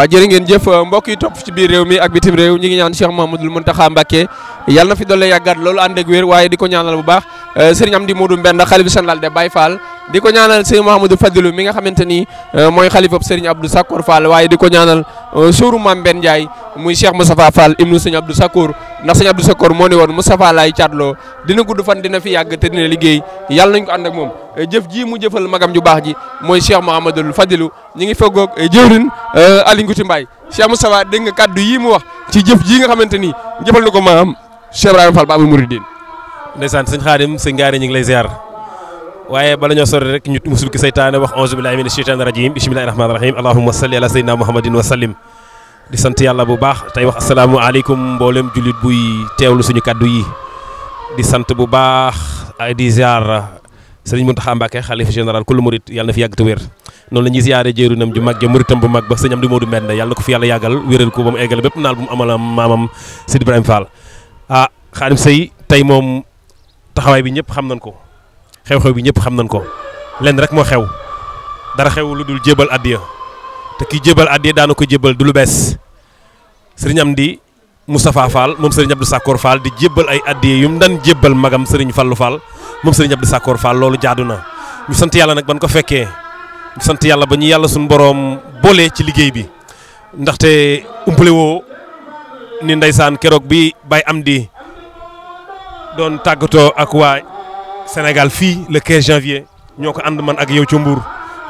waaw jërë ngeen jëf mbokk yi topp ci biir réew mi ak bitim réew ñi ngi ñaan Cheikh Mouhamadoul Mountakha Mbacké yàlla na fi doole yàggaat loolu ànd ak wér waaye di ko ñaanal bu baax Euh, sëriñ Amdi Moodu Mbenda xalifa général de Baye Fall di ko ñaanal sëriñ Mouhamadou Fadilu mi nga xamante ni euh, mooy xalifa sëriñ Abdou Sakkour Fall waaye di ko ñaanal euh, suuru Mame Ben Ndiaye muy Cheikh Moustapha Fall ibnu sëriñ Abdou Sakkour ndax sëriñ Abdou Sakkour moo ne woon Moustapha laay caatloo dina gudd fan dina fi yàgg te dina liggéey yàlla nañ ko ànd ak moom jëf ji mu jëfal magam ju baax ji mooy Cheikh Mouhamadou Fadilu ñu ngi feggoog jëwrin Aliou Ngouti Mbaye Cheikh Moustapha dégg nga kaddu yii mu wax ci jëf ji nga xamante ni jëfal ko maam Cheikh Ibrahima Fall Babou Mouridine ndeysaan sëñ xaadim sëñ ngaari ñu ngi lay ziar waaye bala ñoo sori rek ñu musul ki seytaane wax auzu billahi mina sheytaani rajim bismillahi rahmaani rahim allahumma salli ala sayyidina muhammadin wa di sant yàlla bu baax tey wax asalaamualeykum mboolem jullit buy teewlu suñu kaddu yi di sant bu baax di ziar sëriñ Mountakha Mbacké xalifa général kullu murit yàlla na fi yàgg te wér noonu la ñuy ziare ju mag ja muritam bu mag ba sëñ Amdi Modou Mbène yàlla na ko fi yàlla yàggal wéral ko ba mu eggale bépp naal bu mu amala maamam Sidi Ibrahima Fall ah Xaadim Sey taxawaay bi ñëpp xam nañ ko xew-xew bi ñëpp xam nañ ko lenn rek moo xew dara xew lu dul jébal addiya te ki jébal addiya daana ko jébal du lu bees sëriñ di Moustapha Fall moom sëriñ Abdou Sakkoor di jébal ay addiya yu daan jébal magam sëriñ Fallou Fall moom sëriñ Abdou Sakkoor loolu jaadu na ñu sant yàlla nag ban ko fekkee ñu sant yàlla ba ñu yàlla suñu boroom boolee ci liggéey bi ndaxte umpale woo ni ndeysaan keroog bi am di doon tàggatoo ak waa Sénégal fii le 15 janvier ñoo ko ànd man ak yow ca Mbour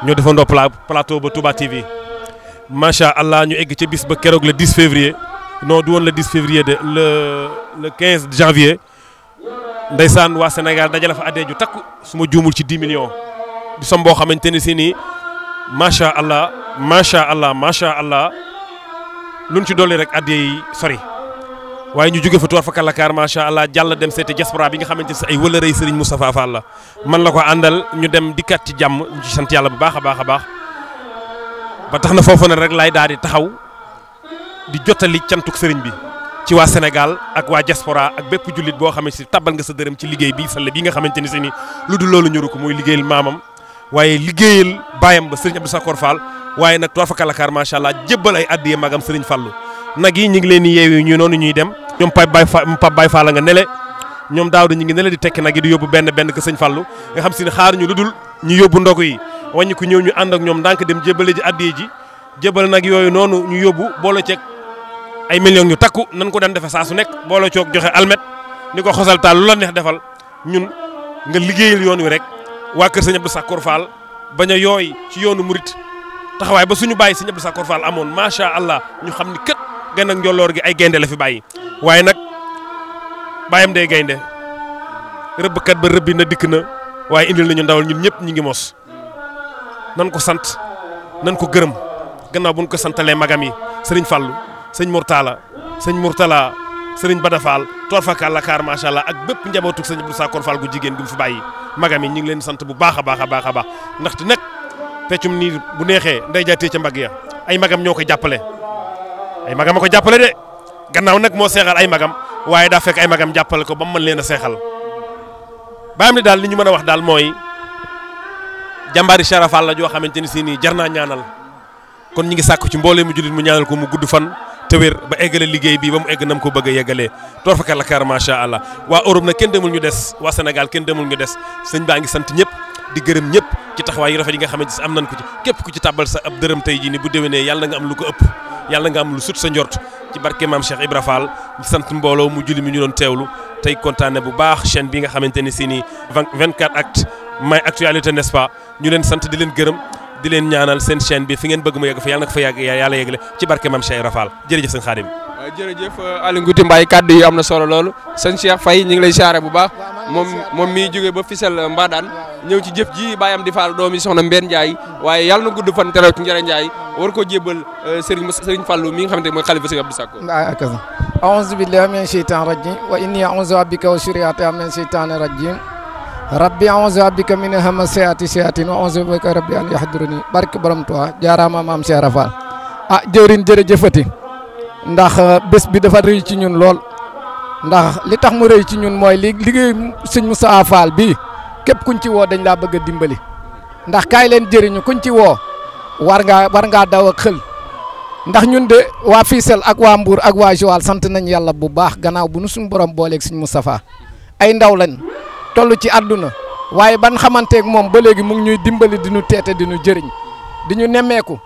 ñoo defandoo plateau ba Touba TV macha allah ñu egg ca bis ba keroog le 10 février non du woon le 10 février de le le 15 janvier ndeysaan waa Sénégal dajale fa addee ju takku suma ma juumul ci 10 millions di som boo xamante ni si nii macha allah macha allah macha allah ci dolli rek addee yi sori. waaye ñu jóge fa toor fa kalakaar macha allah jàll dem seeti diaspora bi nga xamante si ay wëlërëy Serigne Moustapha Fall la man la ko àndal ñu dem dikkat ci jàmm ñu ci sant yàlla bu baax a baax a baax ba tax na foofu nag rek laay daal di taxaw di jottali cantuk Serigne bi ci waa Sénégal ak waa diaspora ak bépp jullit boo xamante si tabbal nga sa dërëm ci liggéey bi sall bi nga xamante ni si ni lu dul loolu ñuru ko muy liggéeyal maamam waaye liggéeyal baayam ba Serigne sa Sakor Fall waaye nag toor fa kalakaar macha allah jébbal ay addiye magam Serigne Fallou nag yi ñu ngi leen di yeewi ñuy dem ñoom Pape Baye Fall Pape Baye Fall nga nele ñoom daaw dañu ngi nele di tekki nag yi di yóbbu benn benn ko sëñ Fallu nga xam si ne xaaruñu lu dul ñu yóbbu ndogu yi wàññi ko ñëw ñu ànd ak ñoom ndànk dem jébale ji addiye ji jébal nag yooyu noonu ñu yóbbu boole ceeg ay millions ñu takku nan ko daan defe saa su nekk boole coog joxe almet ni ko xosal taal lu la neex defal ñun nga liggéeyal yoon wi rek waa kër sëñ Abdou Sakkour Fall bañ a yooy ci yoonu murit taxawaa ba suñu bàyyi sëñ Abdou Sakkour Fall amoon macha gën ak njolloor gi ay gaynde la fi bàyyi waaye nag bàyyam day gaynde rëbbkat ba rëbbi na dikk na waaye indi lañu ndawal ñun ñëpp ñu ngi mos nan ko sant nan ko gërëm gannaaw bu ñu ko santalee magam yi sëriñ Fallou sëñ Mourtala sëñ Mourtala sëriñ Badafal toor fakal lakaar macha allah ak bépp njabootu sëñ bu Sakor Fall gu jigéen gu mu fi bàyyi magam yi ñu ngi leen sant bu baax a baax a baax a baax ndaxte nag peccum nii bu neexee nday jaatee ca mbag ya ay magam ñoo ko jàppale ay magam a ko jàppale de gannaaw nag moo seexal ay magam waaye daa fekk ay magam jàppale ko ba mu mën leen a seexal baam ni daal li ñu mën a wax daal mooy jàmbaari Sharafal la joo xamante ni si nii jar naa ñaanal kon ñu ngi sàkku ci mboole mu jullit mu ñaanal ko mu gudd fan te wér ba eggale liggéey bi ba mu egg nam ko bëgg a yeggalee toor fa kàlla kaar macha allah waa Europe nag kenn demul ñu des waa Sénégal kenn demul ñu des sëñ baa ngi sant ñëpp. di gërëm ñëpp ci tax yu rafet yi nga xamante si am nañ ko ci képp ku ci tàbbal sa ab dërëm tey jii ni bu déwénee yàlla nga am lu ko ëpp yàlla nga am lu sut sa njort ci barke maam Cheikh sant mbooloo mu julli mu ñu doon teewlu tey kontaane bu baax chaîne bi nga xamante ni si ni 24 actu may actualité n'est-ce pas ñu leen sant di leen gërëm di leen ñaanal seen chaîne bi fi ngeen bëgg mu yegg fa yàlla na ko fa yàgg yàlla yegle ci barke maam Cheikh Ibra Fall jërëjëf Euh, jërëjëf euh, Aly Ngouille Mbaye kaddu yi am na solo loolu sëñ Cheikh Faye ñu ngi lay siyaare bu baax moom moom miy jógee ba Fissel euh, Mbadane ñëw ci jëf ji bàyyam di faal doom yi soxna Mbène Ndiaye waaye yàlla na gudd fan terew ci njëriñ Ndiaye war ko jébbal Serigne Serigne Fallou mi nga xamante ne mooy xalifa Serigne Abdou Sakko. aouzu billahi min sheytan rajim wa inni aouzu bika wa shuriyata min sheytani rajim rabbi aouzu bika min hamasaati shayatin wa jaaraama maam Cheikh Rafal ah jëwrin jërëjëfati ndax euh, bés bi dafa rëy ci ñun lool ndax li tax mu rëy ci ñun mooy li liggéey sëñ Moustapha Fall bii képp kuñ ci woo dañ laa bëgg a dimbali ndax kaay leen jëriñu kuñ ci woo war ngaa war ngaa daw ak xël ndax ñun de waa Fissel ak waa Mbour ak waa Joal sant nañ yàlla bu baax gannaaw bu nu suñu borom booleeg sëñ Moustapha ay ndaw lañ toll ci àdduna waaye ban xamanteeg moom ba léegi mu ngi ñuy dimbali di ñu teete di ñu jëriñ di nemmeeku.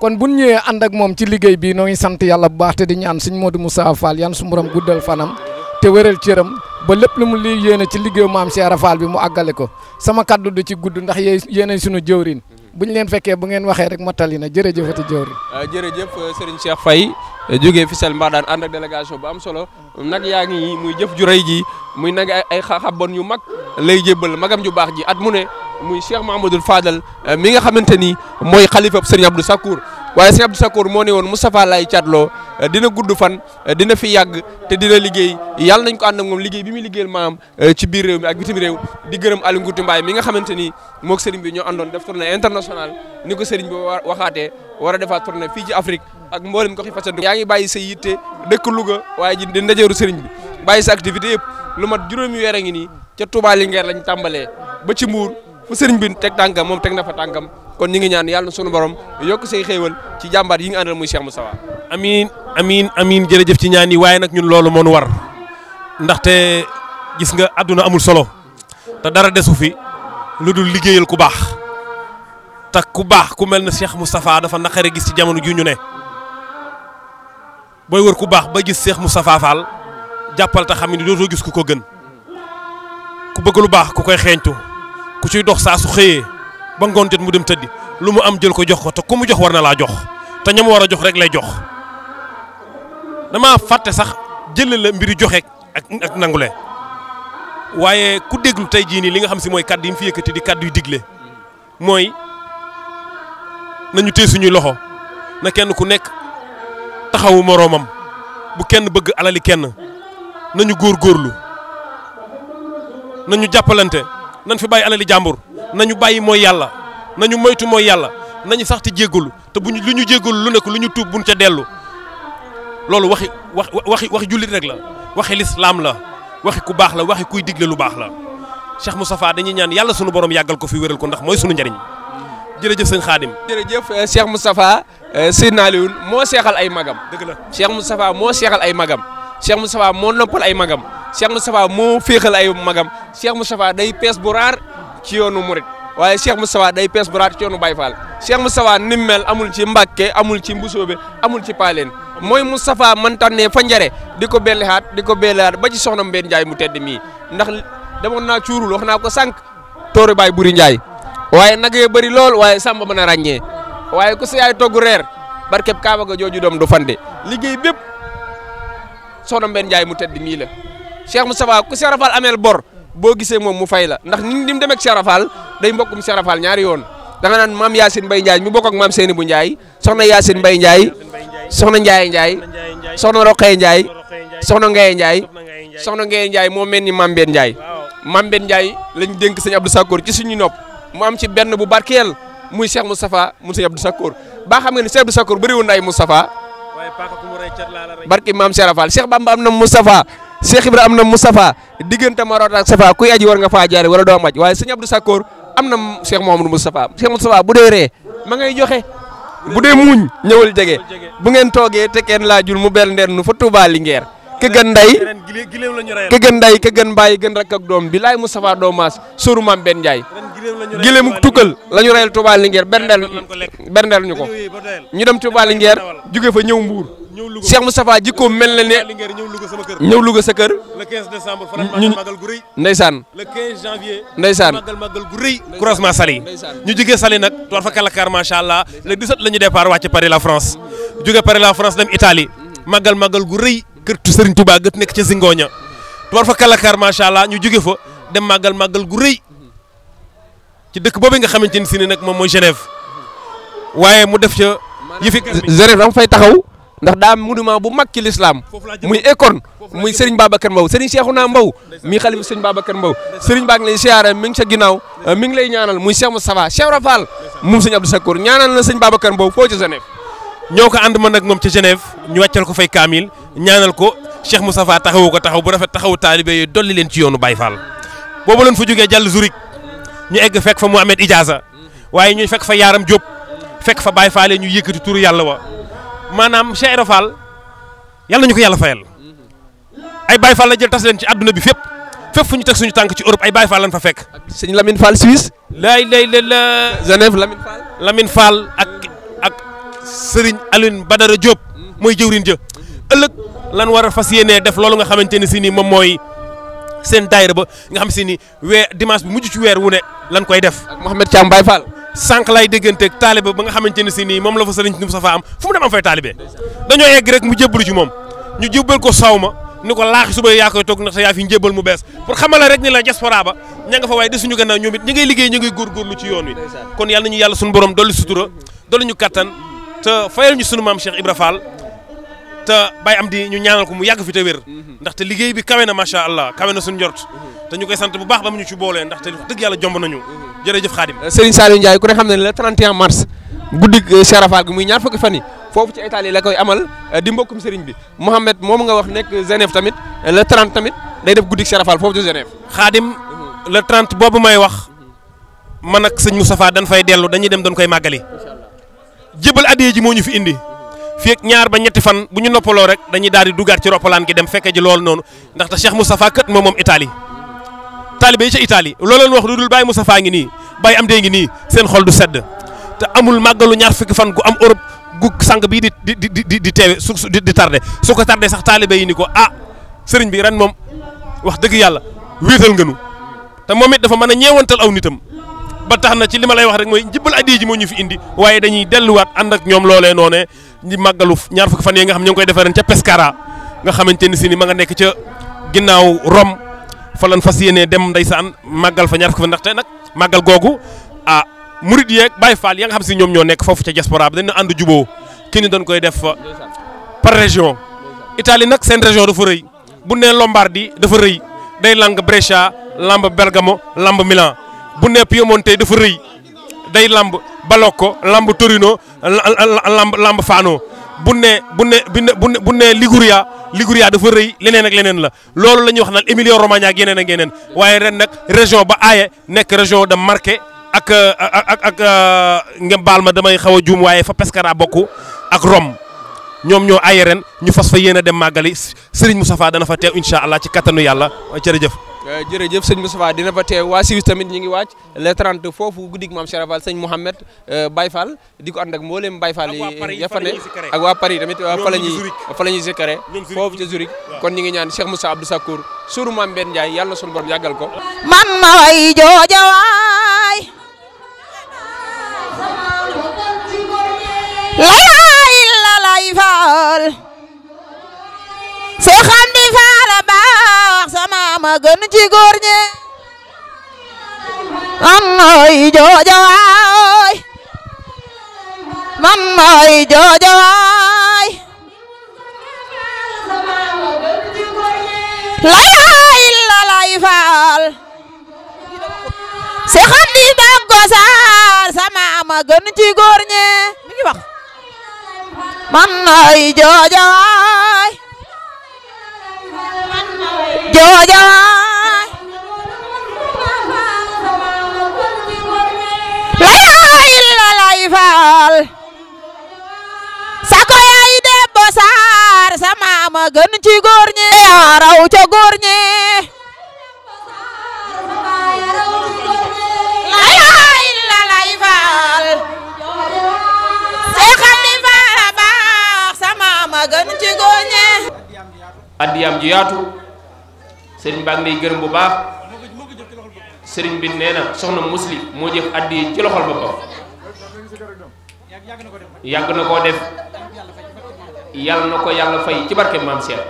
kon bu ñëwee ànd ak moom ci liggéey bi noo ngi sant yàlla bu baax te di ñaan suñ Modou Moussa Fall yan su borom guddal fanam te wéral cëram ba lépp lu mu li yéene ci liggéeyu maam Cheikh Fall bi mu àggale ko sama kàddu du ci gudd ndax yéen yéenay suñu jëwrin bu ñu leen fekkee bu ngeen waxee rek mottali na jërëjëfati jëwri jërëjëf ah, euh, Serigne Cheikh Faye euh, jógee Fissel Mbadane ànd ak délégation bu am solo nag yaa ngi muy jëf ju rëy ji muy nag ay xabon yu mag lay jébbal magam ju baax ji at mu ne muy Cheikh Mahamadoul Fadal euh, mi nga xamante ni mooy xalifab Serigne Abdou Sakkour waaye sëñ Abdou Sakkour moo ne woon Moustapha Laye Thiatlo eh, dina gudd fan eh, dina fi yàgg te dina liggéey yàlla nañ ko ànd ak moom liggéey bi muy liggéeyal maam eh, ci biir réew mi ak bitim réew di gërëm Aliou Ngoutou mi nga xamante ni moog sëriñ bi ñoo àndoon def tournée internationale ni ko sëriñ bi waxaatee war a defaat tournée fii ci Afrique ak mboolem ko xi fasandu yaa ngi bàyyi sa yitte dëkk Louga waaye ji di ndajeeru sëriñ bi bàyyi sa activité yëpp lu mat juróomi weer a ngi nii ca Touba Linguère lañ tàmbalee ba ci Mbour fu sëriñ bi teg tànkam moom teg na fa tànkam kon ñi ngi ñaan yàlla sunu borom yokk say xéewal ci jàmbaar yi nga àndal muy Cheikh Moustapha amiin amiin amiin jërëjëf ci ñaan yi waaye nag ñun loolu moonu war ndaxte gis nga àdduna amul solo te dara desu fi lu dul liggéeyal ku baax te ku baax ku mel ne seex Moustapha dafa naqare gis ci jamono ju ñu ne booy wër ku baax ba gis seex Moustapha Fall jàppal te xam ni dootoo gis ku ko gën ku bëgg lu baax ku koy xeeñtu ku ciy dox saa su xëyee. ba ngoon jot mu dem tëddi lu mu am jël ko jox ko te ku mu jox war na laa jox te ña war a jox rek lay jox dama fàtte sax jëlee la mbiri joxe ak ak nangule waaye ku déglu tey jii nii li nga xam si mooy kàddu yi mu fi yëkkati di kàddu yu digle mooy nañu téye suñuy loxo na kenn ku nekk taxawu moroomam bu kenn bëgg alali kenn nañu góorlu nañu jàppalante. nan fi bàyyi alali jàmbur nañu bàyyi mooy yàlla nañu moytu mooy yàlla nañu sax te jéggulu te buñ lu ñu jéggulu lu nekk lu ñu tuub buñ ca dellu loolu waxi wax waxi waxi jullit rek la waxi lislaam la waxi ku baax la waxi kuy digle lu baax la Cheikh Moustapha dañuy ñaan yàlla sunu borom yàggal ko fi wéral ko ndax mooy sunu njariñ jërëjëf sëñ Xaadim. jërëjëf eh, Cheikh Moustapha eh, Seydina Alioune moo seexal ay magam. dëgg la Cheikh Moustapha moo seexal ay magam. Cheikh Moustapha moo noppal ay magam Cheikh Moustapha moo féexal ay magam Cheikh Moustapha day pees bu raar ci yoonu murit waaye Cheikh Moustapha day pees bu raar ci yoonu Baye Fall Cheikh Moustapha ni amul ci Mbàkke amul ci Mbusoobe amul ci Paaleen mooy Moustapha man tànnee fa njare di ko bellihaat di ko bellihaat ba ci soxna Mbeen Njaay mu tedd mii ndax demoon naa cuurul wax naa ko sànq toori baay buri Njaay waaye nag bëri lool waaye sàmba mën a ràññee waaye ku sa yaay togg reer barkeb Kaaba jooju doom du liggéey bépp soxna Mbène Ndiaye mu tedd mii la Cheikh Moustapha ku Cheikh Rafal ameel bor boo gisee moom mu fay la ndax ni ni mu demee ak Cheikh Rafal day mbokkum Cheikh Rafal ñaari yoon da nga naan maam Yacine Mbaye Ndiaye mu bokk ak maam Seyni bu Ndiaye soxna Yacine Mbaye Ndiaye soxna Ndiaye Ndiaye soxna Roqee Ndiaye soxna Ngaye Ndiaye soxna Ngaye Ndiaye moo mel ni maam Mbène Ndiaye maam Mbène Ndiaye lañ dénk sëñ Abdou Sakkoor ci suñu nopp mu am ci benn bu barkeel muy Cheikh Moustapha mu sëñ Abdou Sakkoor baa xam nga ni Cheikh Abdou Sakkoor bëri woon na barki maam Cheikh Rafal Cheikh Bamba am na Moustapha Cheikh Ibra am na Moustapha diggante Marot ak Safa kuy aji war nga faa jaare wala doo maj waaye sëñ Abdou Sakkoor am na moom Mouhamadou Moustapha Cheikh Moustapha bu dee ree ma ngay joxe bu dee muuñ ñëwal jege bu ngeen toogee te kenn laajul mu bel ndeen nu fa Touba Linguère ke gën nday ke gën nday ke gën bàyyi gën rakk ak doom bi laay Moustapha Doomaas sóoru maam benn Njaay gileemu tukkal la ñu reyal Touba Linguère berndeel berndeel ñ ko ñu dem Touba Linguère jóge fa ñëw Cheikh Moustapha jikkoom mel na ne ñëw Louga sa kër. le 15 décembre faral magal gu rëy. ndeysaan le 15 janvier. ndeysaan magal magal gu rëy. croisement Saly ñu jógee Saly nag toor fa kalakaar macha allah le 17 la ñu départ wàcc Paris la France jóge Paris la France dem Italie magal magal gu rëy kër Serigne Touba gët nekk ca Zingoña toor fa kalakaar macha allah ñu jóge fa dem magal magal gu rëy ci dëkk boobu nga xamante ni si ne nag moom mooy Genève waaye mu def ca. yëfi Genève dama fay taxaw. ndax daa monument bu mag ci lislaam muy écorne muy Serigne Babacar Mbow Serigne Cheikhouna Mbow mi xalifa Serigne Babacar Mbow Serigne baa ngi lay siyaare mi ngi sa ginnaaw mi ngi lay ñaanal muy Cheikh Moustapha Cheikh Rafal moom Serigne Abdou Sakour ñaanal na Serigne Babacar Mbow foo ci Genève ñoo ko ànd ma nag moom ci Genève ñu wàccal ko fay kaamil ñaanal ko Cheikh Moustapha taxawu ko taxaw bu rafet taxawu taalibe yi dolli leen ci yoonu Baye Fall boobu leen fa jógee jàll Zurich ñu egg fekk fa Mouhamed Ijaasa mm-hmm. waaye ñu fekk fa Yaaram Diop fekk fa Baye Fall ñu yëkkati turu yàlla wa maanaam Cheikh Ibra Fall yal na ñu ko yàlla fayal ay Baye Fall la jël tas ci adduna bi fépp fépp fu ñu teg suñu tànk ci Europe ay Baye Fall lañ fa fekk. ak sëñ Lamine Fall Suisse. lay lay la la. Genève lamin Fall. Lamine Fall ak ak Serigne Aline Badara Diop mooy jëwriñ ja ëllëg lan war a fas yéenee def loolu nga xamante ne si ni moom mooy seen daayira ba nga xam si ni weer dimanche bi mujj ci weer wu ne lan koy def. ak Mouhamed Thiam Baye sànq lay dégganteeg taalibe ba nga xamante ne si nii moom la fa sëriñ Moustapha am fu mu dem am fay taalibe dañoo egg rek mu jébbalu ci moom ñu jébbal ko saw ma ni ko laaxi suba yaa koy toog ndax yaa fi njébbal mu bees pour xamala rek ni la diaspora ba ña nga fa waaye di suñu gannaaw ñoom it ñi liggéey ñu ngay góorgóorlu ci yoon wi kon yàlla nañu yàlla suñu borom dolli sutura dolli ñu kattan te fayal ñu sunu maam Cheikh Ibra Fall te am di ñu ñaanal ko mu yàgg fi te wér ndaxte liggéey bi kawe na macha allah kawe na suñu njort te ñu koy sant bu baax ba mu ñu ci boolee ndaxte wax dëgg yàlla jomb nañu jërëjëf Xaadim euh, Serigne Saliou Ndiaye ku ne xam ne le 31 mars guddi Serafal euh, gi muy ñaar fukki fan yi la koy amal euh, di mbokkum Serigne bi Mohamed moom nga wax nekk Genève tamit le 30 tamit day def guddi Serafal foofu ci Genève Xaadim le 30 boobu may wax man ak sëñ Moustapha dañ fay dellu dañuy dem dañ koy màggali jëbal addiye ji moo ñu fi indi fii ak ñaar ba ñetti fan bu ñu noppaloo rek dañuy daal di dugaat ci roppalaan gi dem fekke ji loolu noonu ndaxte Cheikh Moustapha kët moom moom Italie taalibe yi ca Italie loo leen wax lu dul Baye Moustapha ngi nii Baye Amdé ngi nii seen xol du sedd te amul màggalu ñaar fukki fan gu am Europe gu sang bii di di di di di teewe su di tarde su ko tardé sax taalibe yi ni ko ah sëriñ bi ren moom wax dëgg yàlla wéetal nga nu te moom it dafa mën a ñeewantal aw nitam. ba tax na ci lima lay wax rek mooy njëbbal addiya ji moo ñu fi indi waaye dañuy delluwaat ànd ak ñoom loolee noonee ñi màggalu ñaar fukki fan yi nga xam ñu ngi koy defee nga xamante ni si ni ma nga nekk ca ginnaaw Rome fa lan fas yéenee dem ndeysaan màggal fa ñaar fan ndaxte nag màggal googu ah murid yeeg Baay Faal ya nga xam si ñoom ñoo nekk foofu ca diaspora bi dañ na ànd juboo kii ni dañ koy def par région Italie nag seen région dafa rëy bu ne Lombardie dafa rëy day lang Brescia lamb Bergamo lamb Milan bu ne Piemonte dafa rëy day lamb Balocco lamb Torino lamb lamb Fano bu ne bu ne bu ne bu ne Liguria Liguria dafa rëy leneen ak leneen la loolu la ñuy wax naan Emilia Romagna ak yeneen ak yeneen waaye ren nag région ba aaye nekk région de marke ak ak ak euh, ngeen baal ma damay xaw a juum waaye fa Pescara bokk ak Rome ñoom ñoo aaye ren ñu fas fa yéen a dem màggali Serigne Moustapha dana fa teew incha allah ci kattanu yàlla jërëjëf. Euh, jërëjëf sëñ Moustapha dina fa teew waa Suisse tamit ñi ngi wàcc le 30 foofu guddig maam Cheikh Fall sëñ Mouhamed euh, Baye Fall di ak mboolem Baye Fall ak waa Paris tamit euh, fa la foofu ca Zurich kon ñi ñaan Cheikh Moussa Abdou suru maam Ben Ndiaye yàlla na sunu borom yàggal ko maam ma way jooja waay lay lay Fall sëriñ faala baax sama ma gën ci góor ñi mam mooy joojo waay mam mooy joojo waay laay la lay faal si xam ni dam ko saar sama ma gën ci góor ñi mi ngi wax mam mooy joojo waay joojo laa illa lay faal sa ko yaay sa maama gën ci góor ñi raw ca góor ñi laa illa lay addiyaam ju yaatu sëriñ baa ngi lay gërëm bu baax sëriñ bi nee na soxna musli moo jëf addi ci loxol boppam yàgg na koo def yàlla na ko yàlla fay ci barke maam Cheikh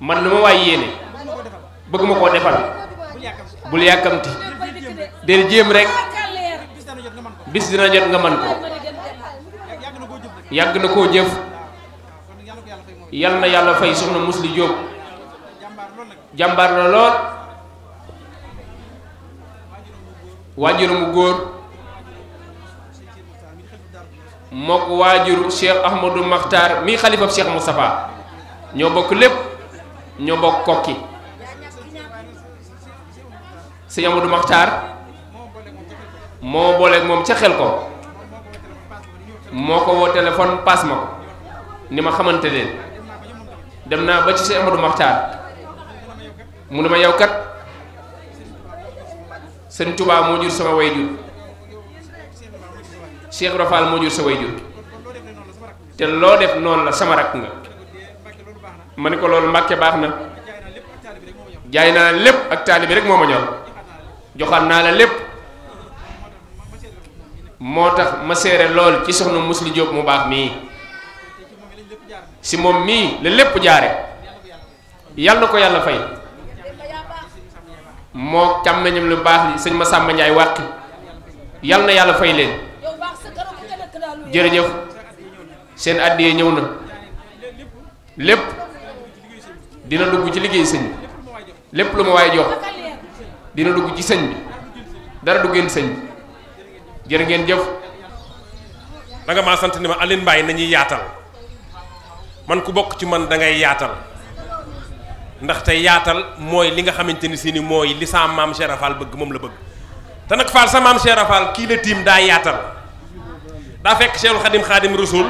man lu ma waay yéene bëgg ma koo defal bul yàkkamti del jéem rek bis dina jot nga man ko yàgg na koo jëf yal na yàlla fay soxna Musli Jóob jàmbaar la lool waajuramu góor mook waajuru Cheikh Ahmadou Makhtar mi xalifab Cheikh Moustapha ñoo bokk lépp ñoo bokk kokki sëñ Amadou Makhtar moo booleeg moom ca xel ko moo ko woo téléphone paas ma ni ma xamante leen dem naa ba ci Sëñ Amadou Maxtaar mu ne ma yow kat seen Touba moo jur sama way jur Cheikh Rafal moo jur sa way jur te loo def noonu la sama rakk nga ma ne ko loolu mbàkke baax na jaay naa lépp ak taalibi rek moo ma ñor joxaat naa la lépp moo tax ma seere lool ci soxna Musli Jóob mu baax mii si moom mii la lépp jaare yàlla ko yàlla fay moo càmmeñam lu baax li sëñ ma sàmm Njaay wàqi yàlla na yàlla fay leen jërëjëf seen àddiyee ñëw na lépp dina dugg ci liggéey sëñ bi lépp lu ma waaye jox dina dugg ci sëñ bi dara duggeen sëñ bi jërë ngeen jëf da maa sant ni ma Aline Mbaye nañuy yaatal man ku bokk ci man dangay yaatal ndax te yaatal mooy li nga xamante ni si ni mooy li sa maam Cheikh Rafal bëgg moom la bëgg te nag Fall sa maam Cheikh Rafal kii la tiim daa yaatal daa fekk Cheikhul Xadim Xadim Rasul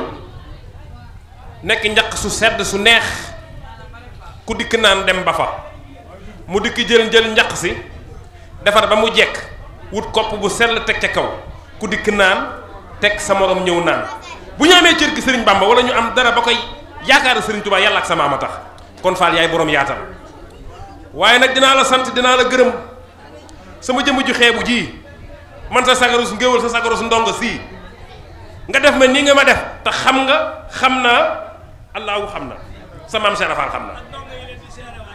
nekk njaq su sedd su neex ku dikk naan dem ba fa mu dikk jël jël njaq si defar ba mu jekk wut kopp bu sell teg ca kaw ku dikk naan teg sa morom ñëw naan bu ñu amee cër gi Sëriñ Bamba wala ñu am dara ba koy yaakaar sëriñ Tuubaa yàlla ak sa maam a tax kon Fall yaay borom yaatal waaye nag dinaa la sant dinaa la gërëm sama jëmm ju xeebu ji man sa su ngéwal sa sagarus ndongo sii nga def ma nii nga ma def te xam nga xam naa allahu xam na sa maam Cheikh Fall xam na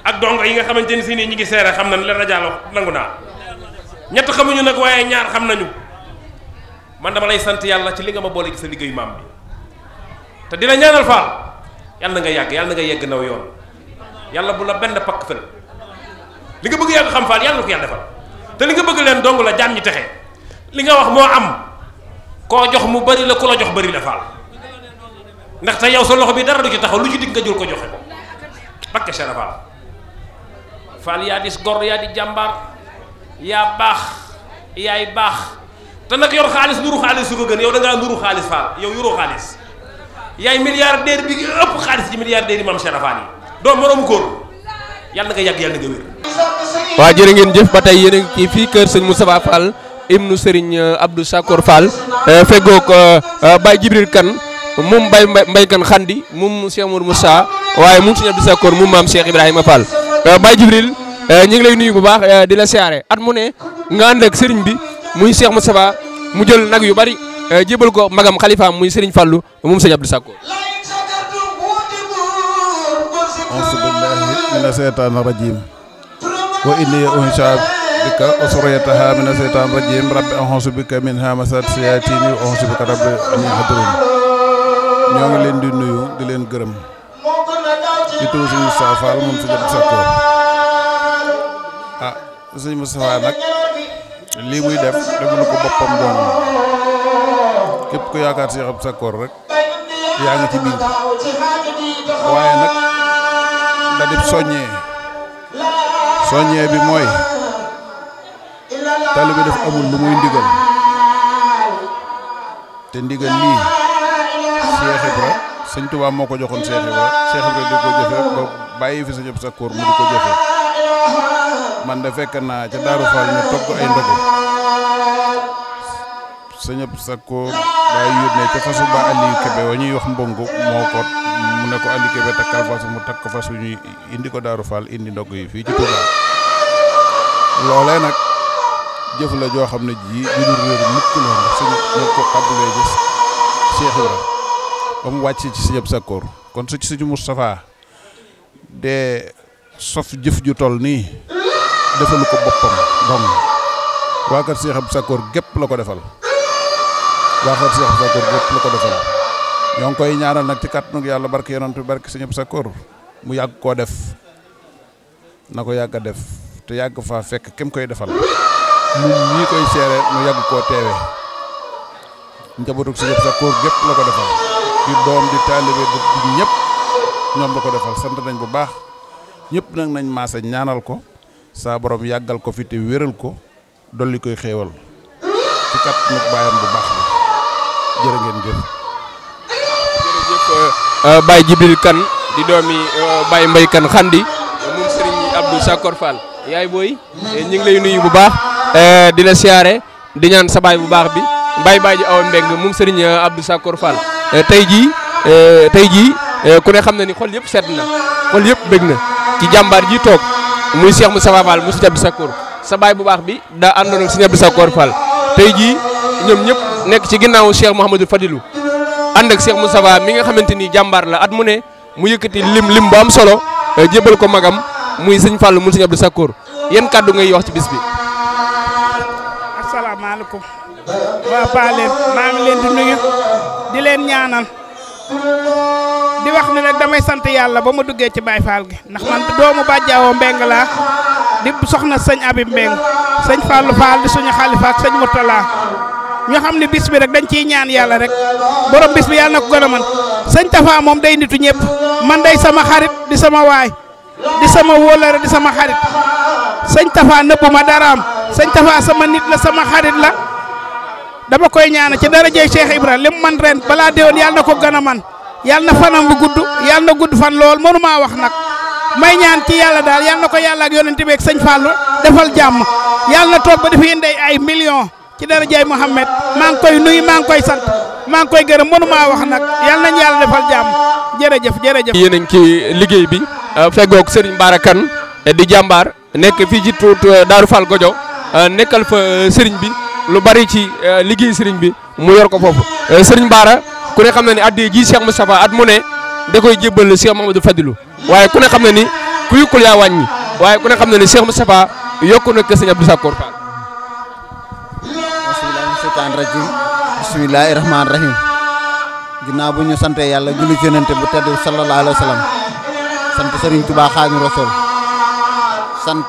ak dongo yi nga xamante ni si nii ñi ngi seere xam na ni la rajaalo nangu naa ñett xamuñu nag waaye ñaar xam nañu man dama lay sant yàlla ci li nga ma boole ci sa liggéeyu maam bi te yàlla nga yàgg yàlla nga yegg naw yoon yàlla bu la benn pakk fël li nga bëgg yàgg xam faal yàlla na ko yàlla defal te li nga bëgg leen dong la jaam ñi texe li nga wax moo am koo jox mu bari la ku la jox bari la faal ndaxte yow sa loxo bi dara du ci taxaw lu ci dig nga jël ko joxe ko bakke sera faal faal yaa di gor yaa di jàmbaar yaa baax yaay baax te nag yor xaalis nuru xaalis su ko gën yow da ngaa nuru xaalis faal yow yoroo xaalis yaay milliardaire bi nga ëpp xaalis ci milliardaire yi maam Cheikh Rafaani doo moroomu góor yàlla nga yàgg yàlla nga wér. waa jërë ngeen jëf ba tey yéen a fii kër sëñ mu Moustapha Fall ibnu Serigne euh, Abdou Sakor Fall euh, feggoog euh, Baye Jibril Kane moom Baye Mbaye Kane Xandi moom Cheikh mu saa waaye moom sëñ Abdou Sakor moom maam Cheikh Ibrahima Fall Baye Jibril ñu ngi lay nuyu bu baax di la siyaare at mu ne nga ànd ak sëriñ bi muy Cheikh Moustapha mu jël nag yu bari. Euh, jébal ko magam xalifaam muy Serigne Fallou moom sëñ Abdou Sakko. auzu billahi mina seytaani rajiim wa inni unsha bika wa suriyataha mina seytaani rajiim rabbi auzu bika min hamazati shayaatini wa auzu bika rabbi an yahdurun ñoo ngi leen di nuyu di leen gërëm ci turu suñu saafaal moom sëñ Abdou Sakko ah sëñ Moustapha nag lii muy def defuñu ko boppam doon képp ku yaakaar Cheikh Abdou Sakor rek yaa ngi ci biir waaye nag da di soññee soññee bi mooy taalibe def amul lu muy ndigal te ndigal lii Cheikh Ibra sëñ Tuubaa moo ko joxoon Cheikh Ibra Cheikh Ibra di ko jëfe ba bàyyi fi Sëñ mu di ko jëfe man de fekk naa ca Daaru Fall ñu togg ay ndogu sëñ ab Sakko daa yónnee ca fasu ba Aliou Kébé ñuy wax mbongo moo ko mu ne ko Aliou Kébé takkal fas mu takk fas ñuy indi ko Daaru Fall indi ndog yi fii ci Touba loolee nag jëf la joo xam ne ji dina réer mukk la ndax suñu ñoo ko tàmbalee gis Cheikh Ibra wàcc ci sëñ ab kon su ci suñu Moustapha de sof jëf ju toll nii defalu ko boppam dong waa kër Cheikh ab Sakkoor gépp la ko defal jaaxal si Cheikh Sakkoor lépp la ko defal ñoo koy ñaanal nag ci kàttanu yàlla barke yonent bi barke sa Sakkoor mu yàgg koo def na ko yàgg a def te yàgg faa fekk kim koy defal ñun ñii koy seere mu yàgg koo teewe njabootu sëñ Sakkoor gépp la ko defal di doom di taalibe di ñëpp ñoom la ko defal sant nañ bu baax ñëpp nag nañ maase ñaanal ko saa borom yàggal ko fi te wéral ko dolli koy xéewal ci kat nag bàyyam bu baax jërë ngeen jëf. jërëjëf euh, Baye Jibril di doomi euh, Baye Mbaye Kane Xandi moom Serigne Abdou Sakor Fall yaay booy eh, ñu ngi lay nuyu bu baax euh, di la siyaare di ñaan sa bu baax bi Baye Baye ji aw Mbeng moom Serigne Abdou Sakor Fall tey jii tey jii ku ne xam na ni xol yëpp sedd na xol yëpp bëgg na ci jàmbaar ji toog muy Cheikh mu Fall mu Serigne Abdou Sakor sa baay bu baax bi daa àndoon ak Serigne Abdou Sakor Fall tey jii ñoom ñëpp. nekk ci ginnaawu Cheikh Mouhamadou Fadilou ànd ak Cheikh mi nga xamante ni jàmbaar la at mu ne mu yëkkati lim lim bu am solo eh, jébal ko magam muy sëñ Fallou mu sëñ Abdou Sakkour yan kàddu ngay wax ci bis bi. asalaamaaleykum. waa Pallé maa leen di nuyu di leen ñaanal di wax ne nag damay sant yàlla ba ma duggee ci Baye Fall gi ndax man doomu Badiawoo Mbeng laa di soxna sëñ Abib Mbeng sëñ Fallou Fall ñu xam ne bis bi rek dañ ciy ñaan yàlla rek borom bis bi yàlla na ko gën a man moom day nitu ñëpp man day sama xarit di sama waay di sama wóolare di sama xarit sëñ Tafa nëbbu ma daraam sëñ Tafa sama nit la sama xarit la dama koy ñaana ci darajey Cheikh Ibra lim man ren balaa déwén yàlla na ko gën a man yàlla na fanam bu gudd yàlla na gudd fan lool mënuma wax nag may ñaan ci yàlla daal yàlla na ko yàlla ak yonent bi ak sëñ Fallou defal jàmm yàlla ay millions. ci dara jaay Mouhamed maa ngi koy maa ngi koy sant maa ngi koy gërëm mënuma wax nag yal nañu yàlla defal jàmm jërëjëf jërëjëf. yéen a ngi ci liggéey bi euh, feggoog Serigne Bara Kane euh, di jàmbaar nekk fii ci tuut euh, Daaru Fall Godio nekkal fa Serigne bi lu bari ci liggéey Serigne bi mu yor ko foofu Serigne Bara ku ne xam na ni at ji Cheikh Moustapha at mu ne da koy jébbal Cheikh Mamadou Fadilou waaye ku ne xam na ni ku yukkul yaa wàññi waaye ku ne xam na ni Cheikh Moustapha yokku na kër Serigne Abdou seytaani rajiim bismillaahi rahmaani rahiim ginnaaw bu ñu santee yàlla julli ci bu tedd sallallahu alayhi wa sallam sant sëriñ Tuubaa Xaadimu Rasuul sant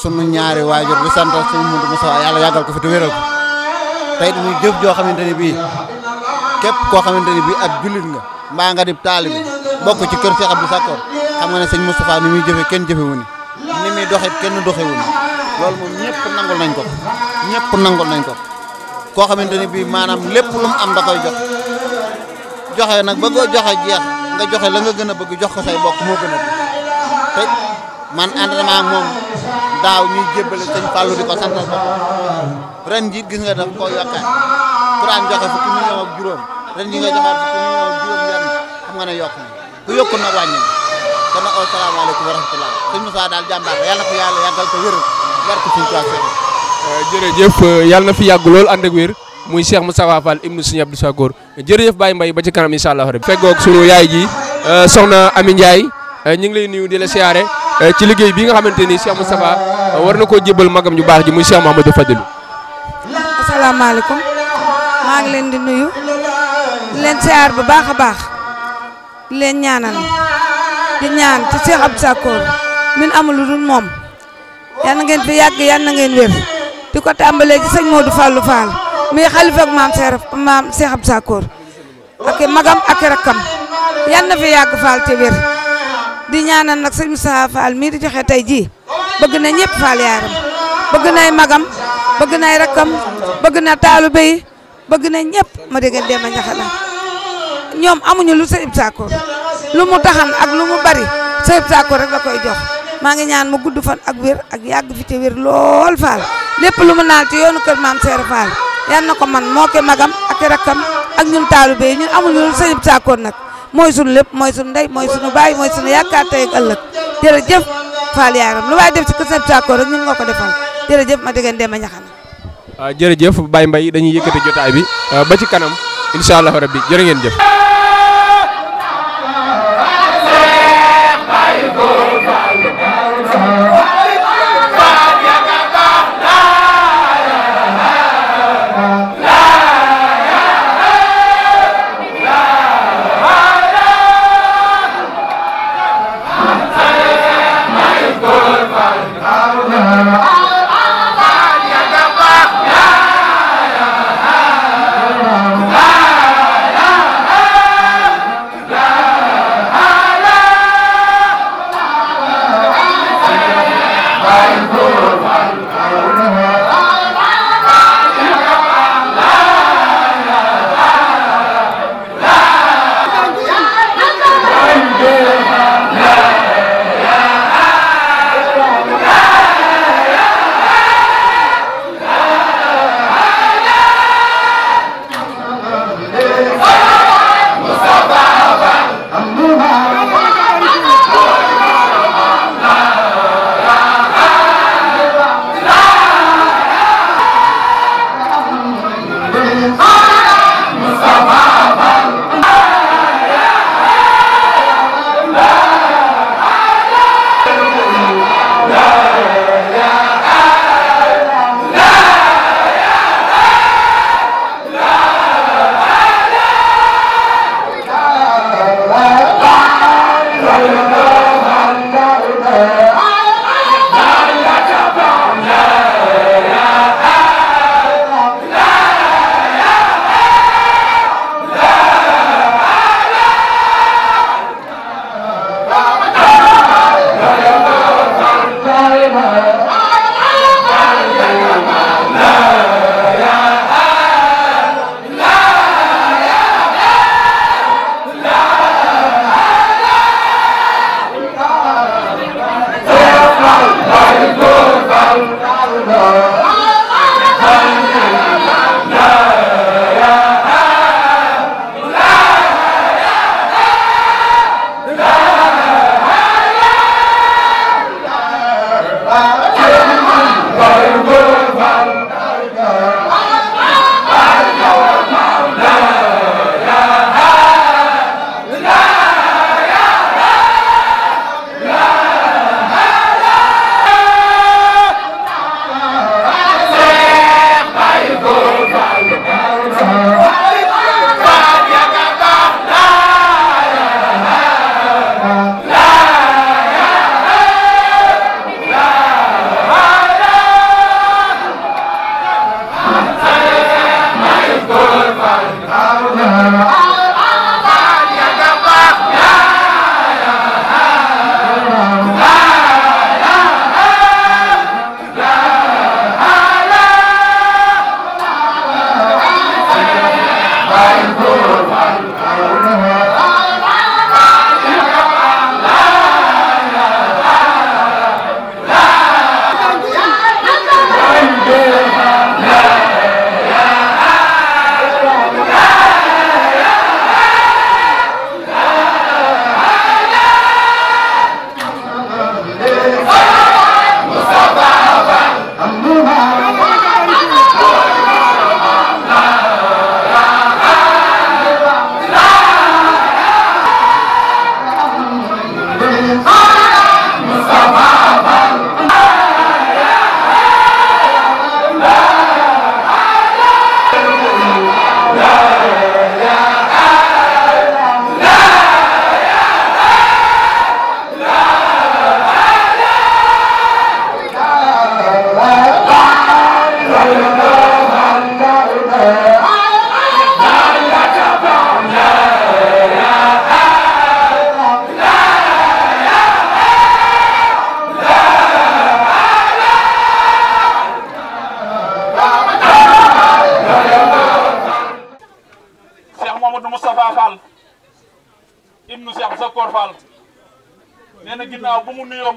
sunu ñaari waajur di sant sunu Mudu Musaa yàlla yàggal ko fi te wéral ko tey muy jëf joo xamante ni bii képp koo xamante ni bii ab jullit nga mbaa nga di taalib bokk ci kër Cheikh Abdou Sakor xam nga ne sañ Moustapha ni muy jëfe kenn jëfewu ni ni muy doxit kenn doxewu ni loolu moom ñëpp nangul nañ ko ñëpp nangul nañ ko boo xamante ni bii maanaam lépp lu mu am da koy jox joxe nag ba ko joxe jeex nga joxe la nga gën a bëgg jox ko say bokk moo gën a te man ànd na ak moom daaw ñuy jébbale sëñ Fallou di ko santal ko ren jii gis nga daf koo yokkaat ku daan joxe fukki million ak juróom ren jii nga joxe fukki million ak juróom benn xam nga ne yokk na ku yokku na wàññi kon nag asalaamaaleykum wa rahmatulah sëñ Moussa daal jàmbaar la yàlla ko yàlla yàggal ko wér barke suñu tuwaat Euh, jërëjëf euh, yàlla na fi yàgg lool ànd ak wér muy Cheikh Moustapha Fall ibnu Serigne Abdou Sakor jërëjëf Baye Mbaye ba ci kanam incha allah rabbi feggoog sunu yaay ji euh, soxna Ami Ndiaye ñu ngi lay nuyu di la ci liggéey bi nga xamante ni Cheikh Moustapha war na koo jébbal magam ñu baax ji muy Cheikh Mouhamadou Fadilou. asalaamaaleykum maa ngi leen di nuyu di leen siyaar bu baax a baax leen ñaanal di ñaan ci Cheikh Abdou Sakor min amul dul moom yal na fi yàgg yal na ngeen di ko tàmbalee ci sëñ Modou Fallou Fall muy xalifa ak maam Seex maam Seex Abdou Sakkoor ak magam ak rakkam yan na fi yàgg Fall te wér di ñaanal nag sëñ Moussa Fall mii di joxe tey jii bëgg na ñëpp Fall yaaram bëgg nay magam bëgg nay rakkam bëgg na taalibe yi bëgg na ñëpp ma dégg Demba Ndiakhate ñoom amuñu lu sëñ Sakkoor lu mu taxan ak lu mu bari sëñ Sakkoor rek la koy jox. maa ngi ñaan ma gudd fan ak wér ak yàgg fi te wér lool faal lépp lu mu naal ci yoonu kër maam Seere Faal yal na ko man moo ke magam ak rakkam ak ñun taalibe yi ñun amuñu lu sëñ bi saakoon nag mooy sunu lépp mooy sunu ndey mooy sunu baay mooy sunu yaakaar tey ak ëllëg jërëjëf Faal yaaram lu waay def ci kër sëñ bi saakoon rek ñun nga ko defal jërëjëf ma dégg Demba Ñaxana. Ah, jërëjëf Baye Mbaye dañuy yëkkati jotaay bi ah, ba ci kanam incha allah rabbi jërë ngeen jëf.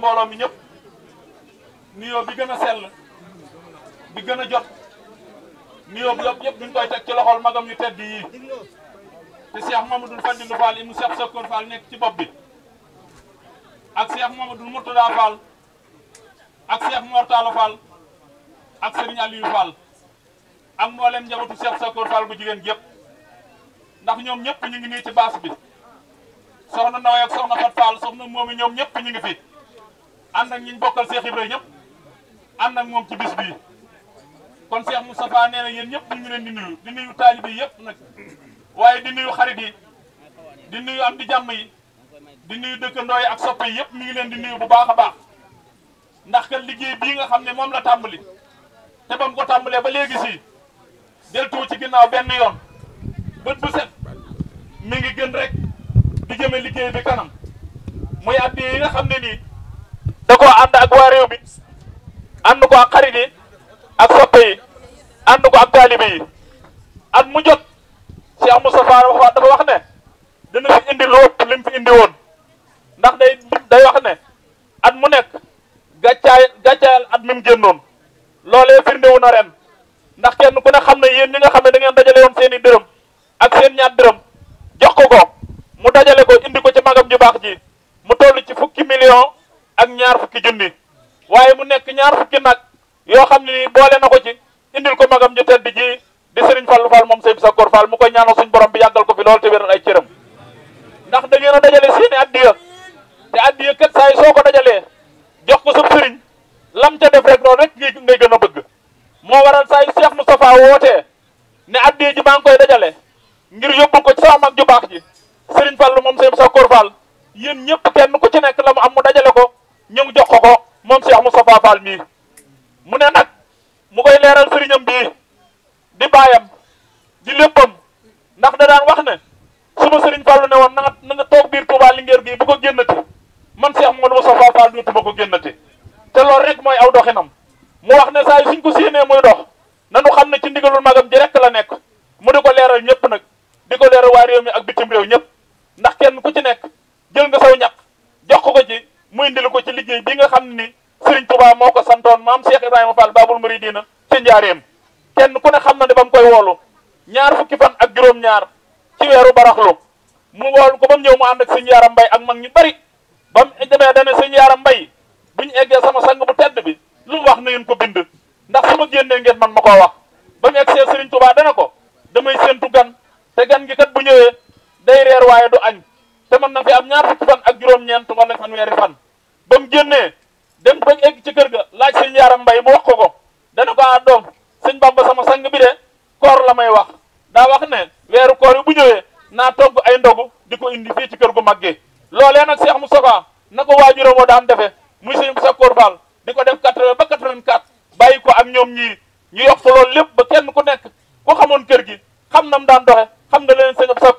mbooloo mi ñëpp nuyoo bi gën a sell bi gën a jot nuyoo bi yëpp yëpp duñ koy teg ci loxool magam yu tedd yii te Cheikh Mamadou Fadilou Fall yi mu Cheikh Sokone Fall nekk ci bopp bi ak Cheikh Mamadou Mourtada Fall ak Cheikh Mortala Fall ak Serigne Aliou Fall ak mboolem njabootu Cheikh Sokone Fall bu jigéen yëpp ndax ñoom ñëpp ñu ngi nii ci baas bi soxna Nooy ak soxna Fat Fall soxna Moomi ñoom ñëpp ñu ngi fi. ànd ak ñi ñu bokkal Cheikh Ibrahima ñëpp ànd ak moom ci bis bii kon Cheikh Moustapha nee na yéen ñëpp ñu ngi leen di nuyu di nuyu taalibe yi yëpp nag waaye di nuyu xarit yi di nuyu am di jàmm yi di nuyu dëkkandoo yi ak soppe yi yëpp mi ngi leen di nuyu bu baax a baax ndax kat liggéey bii nga xam ne moom la tàmbali te ba mu ko tàmbalee ba léegi sii deltuwu ci ginnaaw benn yoon bët bu set mi ngi gën rek di jëme liggéey bi kanam muy at yi nga xam ne nii. da koo ànd ak waa réew mi ànd ko ak xarit yi ak soppe yi ànd ko ak taalibe yi at mu jot Cheikh Moustapha wax dafa wax ne dana fi indi loot li mu fi indi woon ndax day day wax ne at mu nekk gàccaay gàccaayal at mi mu génnoon loole firnde wu na ren ndax kenn ku ne xam ne yéen ñi nga xam ne da ngeen dajale woon seen dërëm ak seen ñaar dërëm jox ko ko mu dajale ko indi ko ci magam ju baax ji mu toll ci fukki million ak ñaar fukki junni waaye mu nekk ñaar fukki nag yoo xam ne nii boole na ko ci indil ko magam ji tedd ji di Serigne Fallou Fall moom Seydou Sakor Fall mu koy ñaanal suñ borom bi yàggal ko fi lool te wéral ndax da ngeen a dajale seeni addiya te addiya kat saa yi soo ko dajalee jox ko sub Serigne lam ca def rek noonu rek ngay ngay gën a bëgg moo waral saa yi Cheikh Moustapha wootee ne addiya ji maa ngi koy dajale ngir yóbbul ko ci sama mag ju baax ji Serigne Fallou moom Seydou Sakor Fall yéen ñëpp kenn ku ci nekk la mu am mu dajale ko. ñu jox ko ko moom Cheikh Moustapha Fall mii mu ne nag mu koy leeral sëriñam bii di baayam di léppam ndax da daan wax ne suma sëriñ Fallu ne woon na nga na nga toog biir li Linguère bii bu ko génnati man Cheikh Momadou Moustapha Fall duutuma ko génnati te loolu rek mooy aw doxinam mu wax ne saa yu suñ ko séenee muy dox nanu xam ne ci ndigalul magam ji rek la nekk mu ne ko leeral ñépp nag di ko leeral waa réew mi ak bitim réew ñëpp ndax kenn ku ci nekk jël nga saw ñaq jox ko ko ci mu indil ko ci liggéey bi nga xam ni Serigne Touba moo ko santoon maam Cheikh Ibrahima Fall Babul Muridina ci njaareem kenn ku ne xam na ne ba mu koy woolu ñaar fukki fan ak juróom-ñaar ci weeru baraxlu mu woolu ko ba mu ñëw mu ànd ak sëñ Yaaram Mbay ak mag ñu bari ba mu demee dane sëñ Yaaram Mbay bu ñu eggee sama sang bu tedd bi lu mu wax na ngeen ko bind ndax su ma génnee ngeen man ma koo wax ba mu egsee Serigne Touba dana ko damay séentu gan te gan gi kat bu ñëwee day reer waaye du añ te mën na fi am ñaar fukki fan ak juróom-ñeent wala fanweeri fan ba mu génnee dem egg ci kër ga laaj sëñ yaaram mbay mu wax ko ko dana ko a ah, doom sëñ bamba sama sang bi de koor la may wax daa wax ne weeru koor yi bu ñëwee naa togg ay ndogu di ko indi fii ci kër gu magge loolee nag Cheikh Moustapha na ko waajuram moo daan defe muy sëñ Moussa Koor Fall di ko def 80 ba 84 bàyyi ko ak ñoom ñii ñu yokk loolu lépp ba kenn ku nekk ku xamoon kër gi xam na mu daan doxe xam na leen sëñ Moussa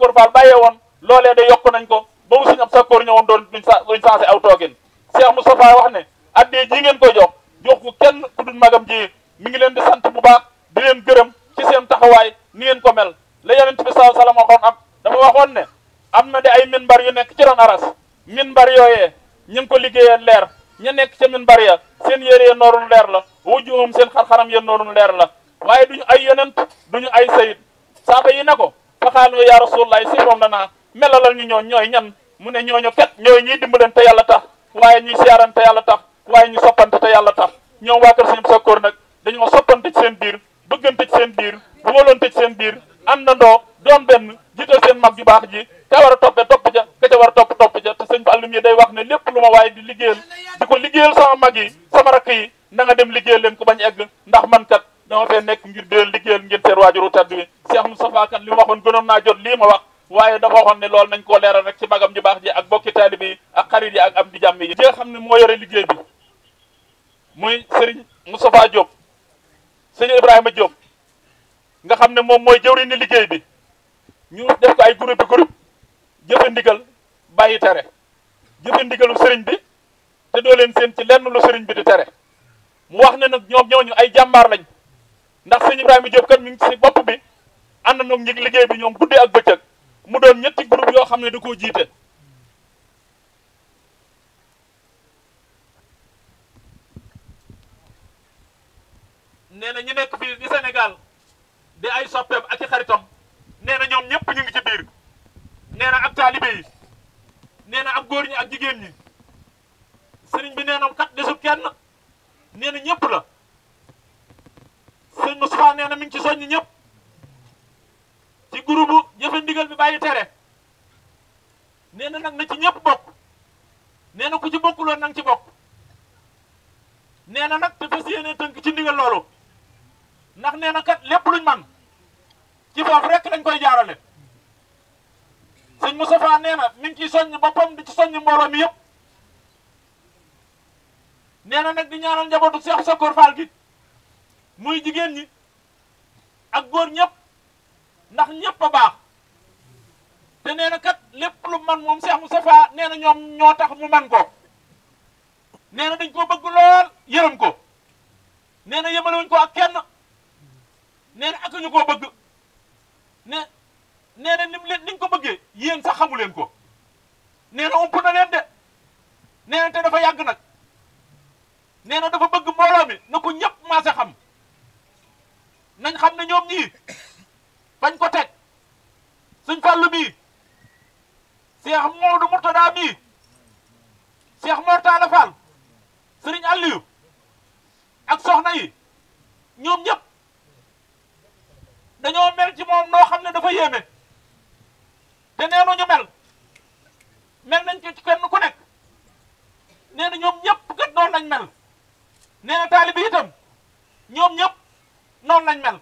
woon loolee de yokk nañ ko ba mu suñu ab sakkoor ñëwoon doon duñ sa duñ saase aw toogin Cheikh Moustapha wax ne addee ji ngeen koy jox jox ko kenn ku duñ magam ji mi ngi leen di sant bu baax di leen gërëm ci seen taxawaay ni ngeen ko mel la yonent bi sallallahu alayhi wasallam am dafa waxoon ne am na de ay minbar yu nekk ci ron aras minbar yooyee ñu ngi ko liggéeyee leer ña nekk ca minbar ya seen yére noorul leer la wujuhum seen xar-xaram ya noorul leer la waaye du ñu ay du ñu ay sayid saaba yi ne ko faxaal ya rasulullahi si naa melalal ñu ñooñ ñooy ñan mu ne ñooñu kat ñooy ñuy dimbalante te yàlla tax waaye ñuy siyaarante yàlla tax waaye ñu soppante te yàlla tax ñoom waa kër Sëñ Sakkoor nag dañoo soppante ci seen biir bëggante seen biir wóolante ci seen biir àndandoo doon benn jiital seen mag ju baax ji ka war a toppee topp ja ka ca war a topp topp ja te sëñ Fallu mi day wax ne lépp lu ma waaye di liggéeyal di ko liggéeyal sama mag yi sama rakk yi na nga dem liggéeyal leen ko bañ egg ndax man kat dama fee ngir di leen liggéeyal ngeen seen waajuru tedd wi Cheikh Moustapha kat li ma naa jot lii ma wax waaye dafa waxoon ne loolu nañ koo leeral rek ci magam ju baax ji ak bokki taalibe yi ak xarit yi ak am di jàmm yi. nga xam ne moo yore liggéey muy Serigne Moustapha Diop Serigne Ibrahima Diop nga xam ne moom mooy jëwriñu liggéey bi ñu def ko ay groupe bi groupe ndigal bàyyi tere jëfe ndigalu Serigne bi te doo leen seen ci lenn lu sëriñ bi di tere mu wax ne nag ñoom ñu ay jàmbaar lañ ndax Serigne Ibrahima Diop kat mi ngi ci bopp bi ànd na ñi liggéey bi ñoom guddi ak bëccëg. mu doon ñetti groupe yoo xam ne da koo jiite nee na nekk fii di senegal de ay soppeem ak i xaritam nee na ñoom ñëpp ñu ngi ci biir nee na ak taalibe yi nee na ak góor ñi ak jigéen ñi sëriñ bi nee na kat desul kenn nee na ñëpp la sëriñ Moustapha nee na mi ngi ci soññ ñëpp ci groupe jëfe ndigal bi bàyyi tere nee na nag na ci ñëpp bokk nee na ku ci bokkuloon nang ci bokk nee na nag te fas tënk ci ndigal loolu ndax nee na kat lépp luñ man ci foofu rek lañ koy jaarale sëñ Moustapha nee na mi ci ciy soññ boppam di ci soññ mbooloo mi yëpp nee na nag di ñaanal njabootu Cheikh Sokor Fall gi muy jigéen ñi ak góor ñëpp ndax ñépp baax te nee na kat lépp lu man moom Cheikh Moustapha nee na ñoom ñoo tax mu man ko nee na dañ ko bëgg lool yërëm ko nee na yemalewuñ ko ak kenn nee na ak ñu koo bëgg ne nee na nim leen niñ ko bëggee yéen sax xamu leen ko nee na ump na leen de nee te dafa yàgg nag nee na dafa bëgg mbooloo mi na ko ñëpp maase xam nañ xam na ñoom ñii fañ ko teg suñ fàllu mii seex Moodu Murtada mii seex Mortala Fall sëriñ Aliou ak soxna yi ñoom ñëpp dañoo mel ci moom noo xam ne dafa yéeme te neenu ñu mel mel nañ ci kenn ku nekk nee na ñoom ñëpp kat noonu lañ mel nee na taalibi itam ñoom ñëpp noonu lañ mel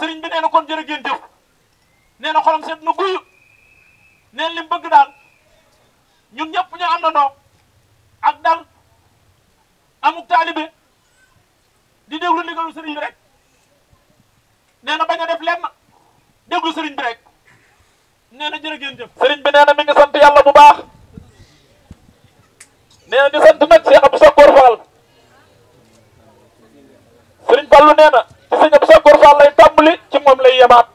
sëriñ bi nee na kon jërë ngeen jëf nee na xolam seet na guyu nee na li bëgg daal ñun ñëpp ñu àndandoo ak dal amuk taalibe di déglu ndigalu sëriñ bi rek nee na bañ a def lenn déglu sëriñ bi rek nee na jërë ngeen jëf. sëriñ bi nee na mi ngi sant yàlla bu baax nee na di sant nag Cheikh Abdou Sakor Fall sëriñ Fallou sëñ ab Sagor Fall lay tàmbali ci moom lay yemaat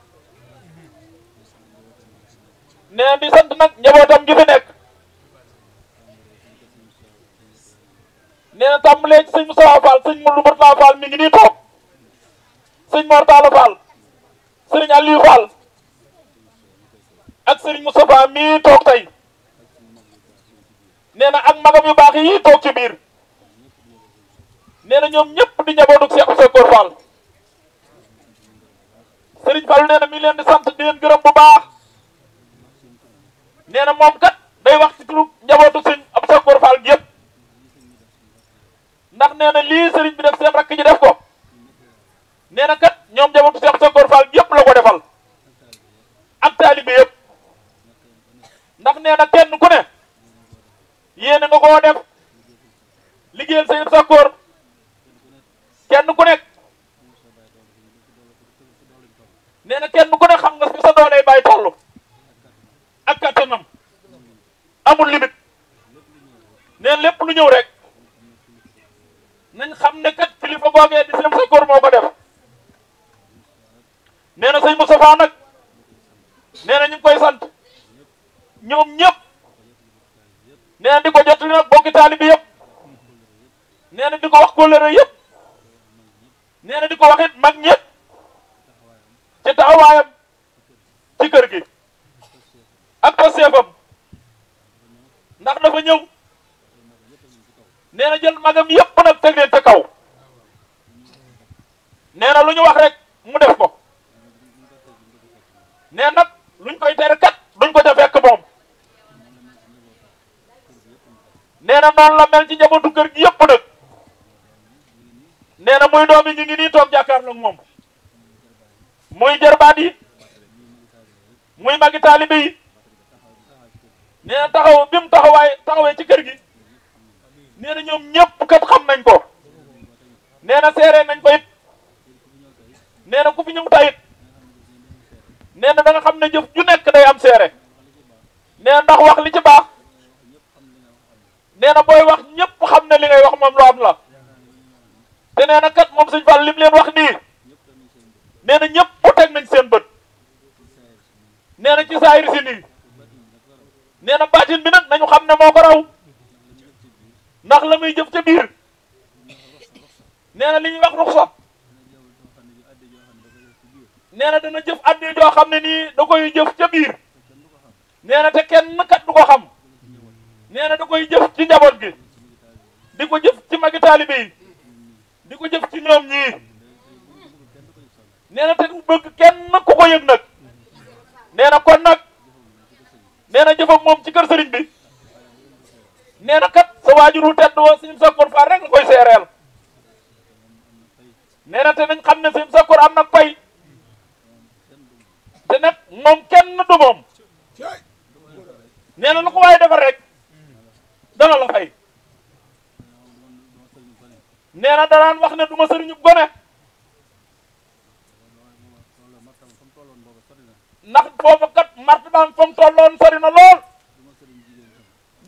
nee di sant nag njabootam gi fi nekk nee na tàmbalee ci sëñ Moussa Fall sëñ Modou Mourtala Fall mi ngi nii toog sëñ Mortala Fall sëriñ Aliou Fall ak toog tey nee na ak magam yu baax yi toog ci biir nee na ñoom ñëpp di njabootu Cheikh Sagor Fall Serigne Fallou nee na mi ngi leen di sant leen gërëm bu baax nee na moom kat day wax ci turu njabootu sëñ ab Sakkoor Fall gi yëpp ndax nee na lii Serigne bi def seen rakk ji def ko nee na kat ñoom njabootu sëñ ab Sakkoor Fall gi yëpp la ko defal ak taalibe yëpp ndax nee na kenn ku ne yéene nga koo def liggéeyal sëñ ab Sakkoor kenn ku nekk. nee na kenn ko ne xam nga fi sa dooley bàyyi toll ak kattanam amul limite neen lépp lu ñëw rek nañ xam ne kat kilifa googee di seen sa góor moo ko def nee na sëñ Moustapha nag nee na ñu koy sant ñoom ñëpp nee di ko jotali nag bokki taali bi yëpp nee na di ko wax kóllëre yëpp nee na di ko waxit mag ñëpp ci taxawaayam ci kër gi ak ko seefam ndax dafa ñëw nee na jël magam yépp nag teg leen ca nee na lu ñu wax rek mu def ko nee nag luñ koy tere kat duñ ko ca fekk moom nee na noonu la mel ci njabootu kër gi yépp nag nee na muy doom yi ñu ngi nii toog jàkkaarloog moom muy jarbaat yi muy magi taalibe yi nee taxaw bi mu taxawaay taxawee ci kër gi nee na ñoom ñëpp kat xam nañ ko nee na seeree nañ ko it nee na ku fi ñëw tayit nee na da xam ne jëf ju nekk day am seere nee na ndax wax li ci baax nee na booy wax ñëpp xam ne li ngay wax moom lu am la te nee na kat moom suñ fal lim leen wax nii nee na fu teg nañ seen bët nee na ci saayir si nii nee na baatin bi nag nañu xam ne moo ko raw ndax la may jëf ca biir nee na li ñuy wax dana jëf addi joo xam ne nii da koy jëf ca biir nee na te kenn kat du ko xam nee na da koy jëf ci njaboot gi di ko jëf ci magi taalibe di ko jëf ci ñoom ñii neena te mu bëgg kenn ku ko yëg nag nee na kon nag nee na jëf ak moom ci kër sëriñ bi nee na kat sa waajur wu tedd woo suñu sakkoor faar rek la koy seereel nee na te nañ xam ne suñu sakkoor am na pay te nag moom kenn du moom nee na lu ko waaye defar rek dana la fay nee na danaan wax ne du ma sëriñu gone ndax boobu kat martabaam fa mu tolloon sori na lool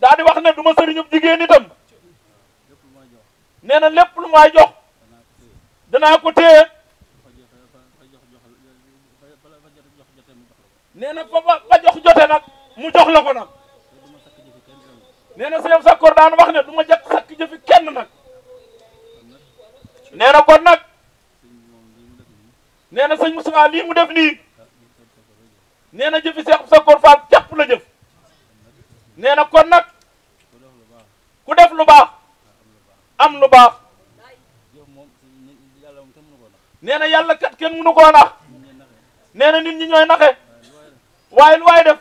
daa di wax ne du ma sëriñub jigéen itam nee na lépp lu may jox danaa ko téye nee na fa ba jox jote nag mu jox la ko nag nee na sëñ Sakkoor daan wax ne du ma jëkk sakk jëfi kenn nag nee na kon nag nee na sëñ Moussa lii mu def nii. nee na jëfi Cheikh Sakor Fall jàpp la jëf nee na kon nag ku def lu baax am lu baax nee na yàlla kat kenn mënu koo nax nee na nit ñi ñooy naxe waaye lu waay def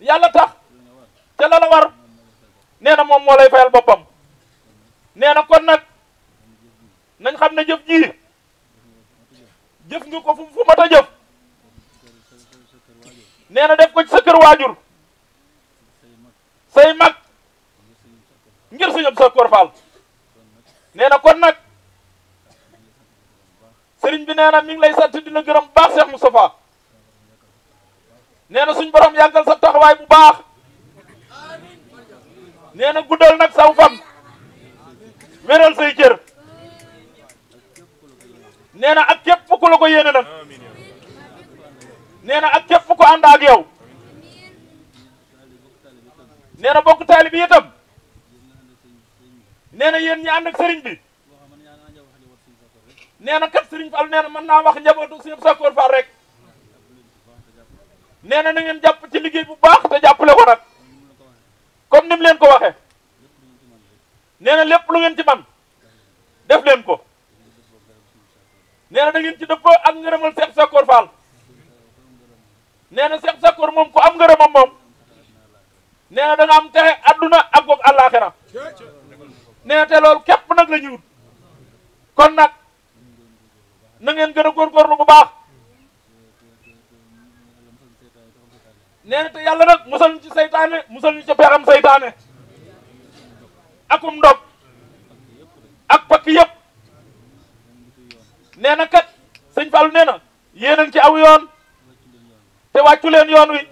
yàlla tax te la la war nee moom moo lay fayal boppam nee na kon nag nañ xam ne jëf ji jëf nga ko fu fu mat a jëf nee na def ko ci sa kër waajur say mag ngir sëñ Abdou Sakor Fall nee kon nag sëriñ bi nee na mi ngi lay sant dina gërëm bu baax Cheikh Moustapha nee na suñ borom yàggal sa taxawaay bu baax nee na guddal nag saw fam wéral say cër nee na ak képp ku la ko yéene nag nee na ak képp ko ànd ak yow nee na bokk taali bi itam nee na yéen ñi ànd ak sëriñ bi nee na kat sëriñ Fall nee na mën naa wax njabootu suñu Sakkoor Fall rek nee na na ngeen jàpp ci liggéey bu baax te jàppale ko nag comme ni leen ko waxee nee na lépp lu ngeen ci man def leen ko nee na da ngeen ci dëppoo ak ngërëmal Seex Sakkoor Fall nee na Cheikh Sakor moom ku am ngërëmam moom nee na da am texe adduna ak goog àllaaxira nee na te loolu képp nag la ñu wut kon nag na ngeen gën a góorgóorlu bu baax nee te yàlla nag musal ñu ci saytaane musal ñu ci pexam saytaane akum ndog ak pakk yëpp nee na kat sëñ Fallou nee na yéen a ngi ci aw yoon te wàccu yoon wi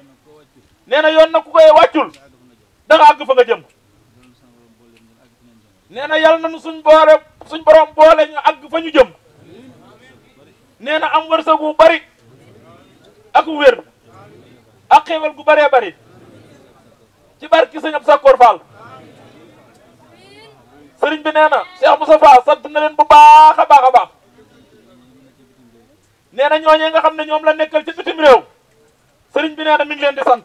nee na yoon na ku koy wàccul da nga àgg fa nga jëm nee na yal nañu suñ boore suñ borom boole ak àgg fa ñu jëm nee na am wërsëg gu bari ak wér ak xéewal gu bëree bari ci barki sëñ ab Sakkoor Fall sëriñ bi nee na Cheikh Moussa Fall na leen bu baax a baax a baax nga xam ne ñoom la nekkal ci bitim réew. sëriñ bi nee na mi leen di sant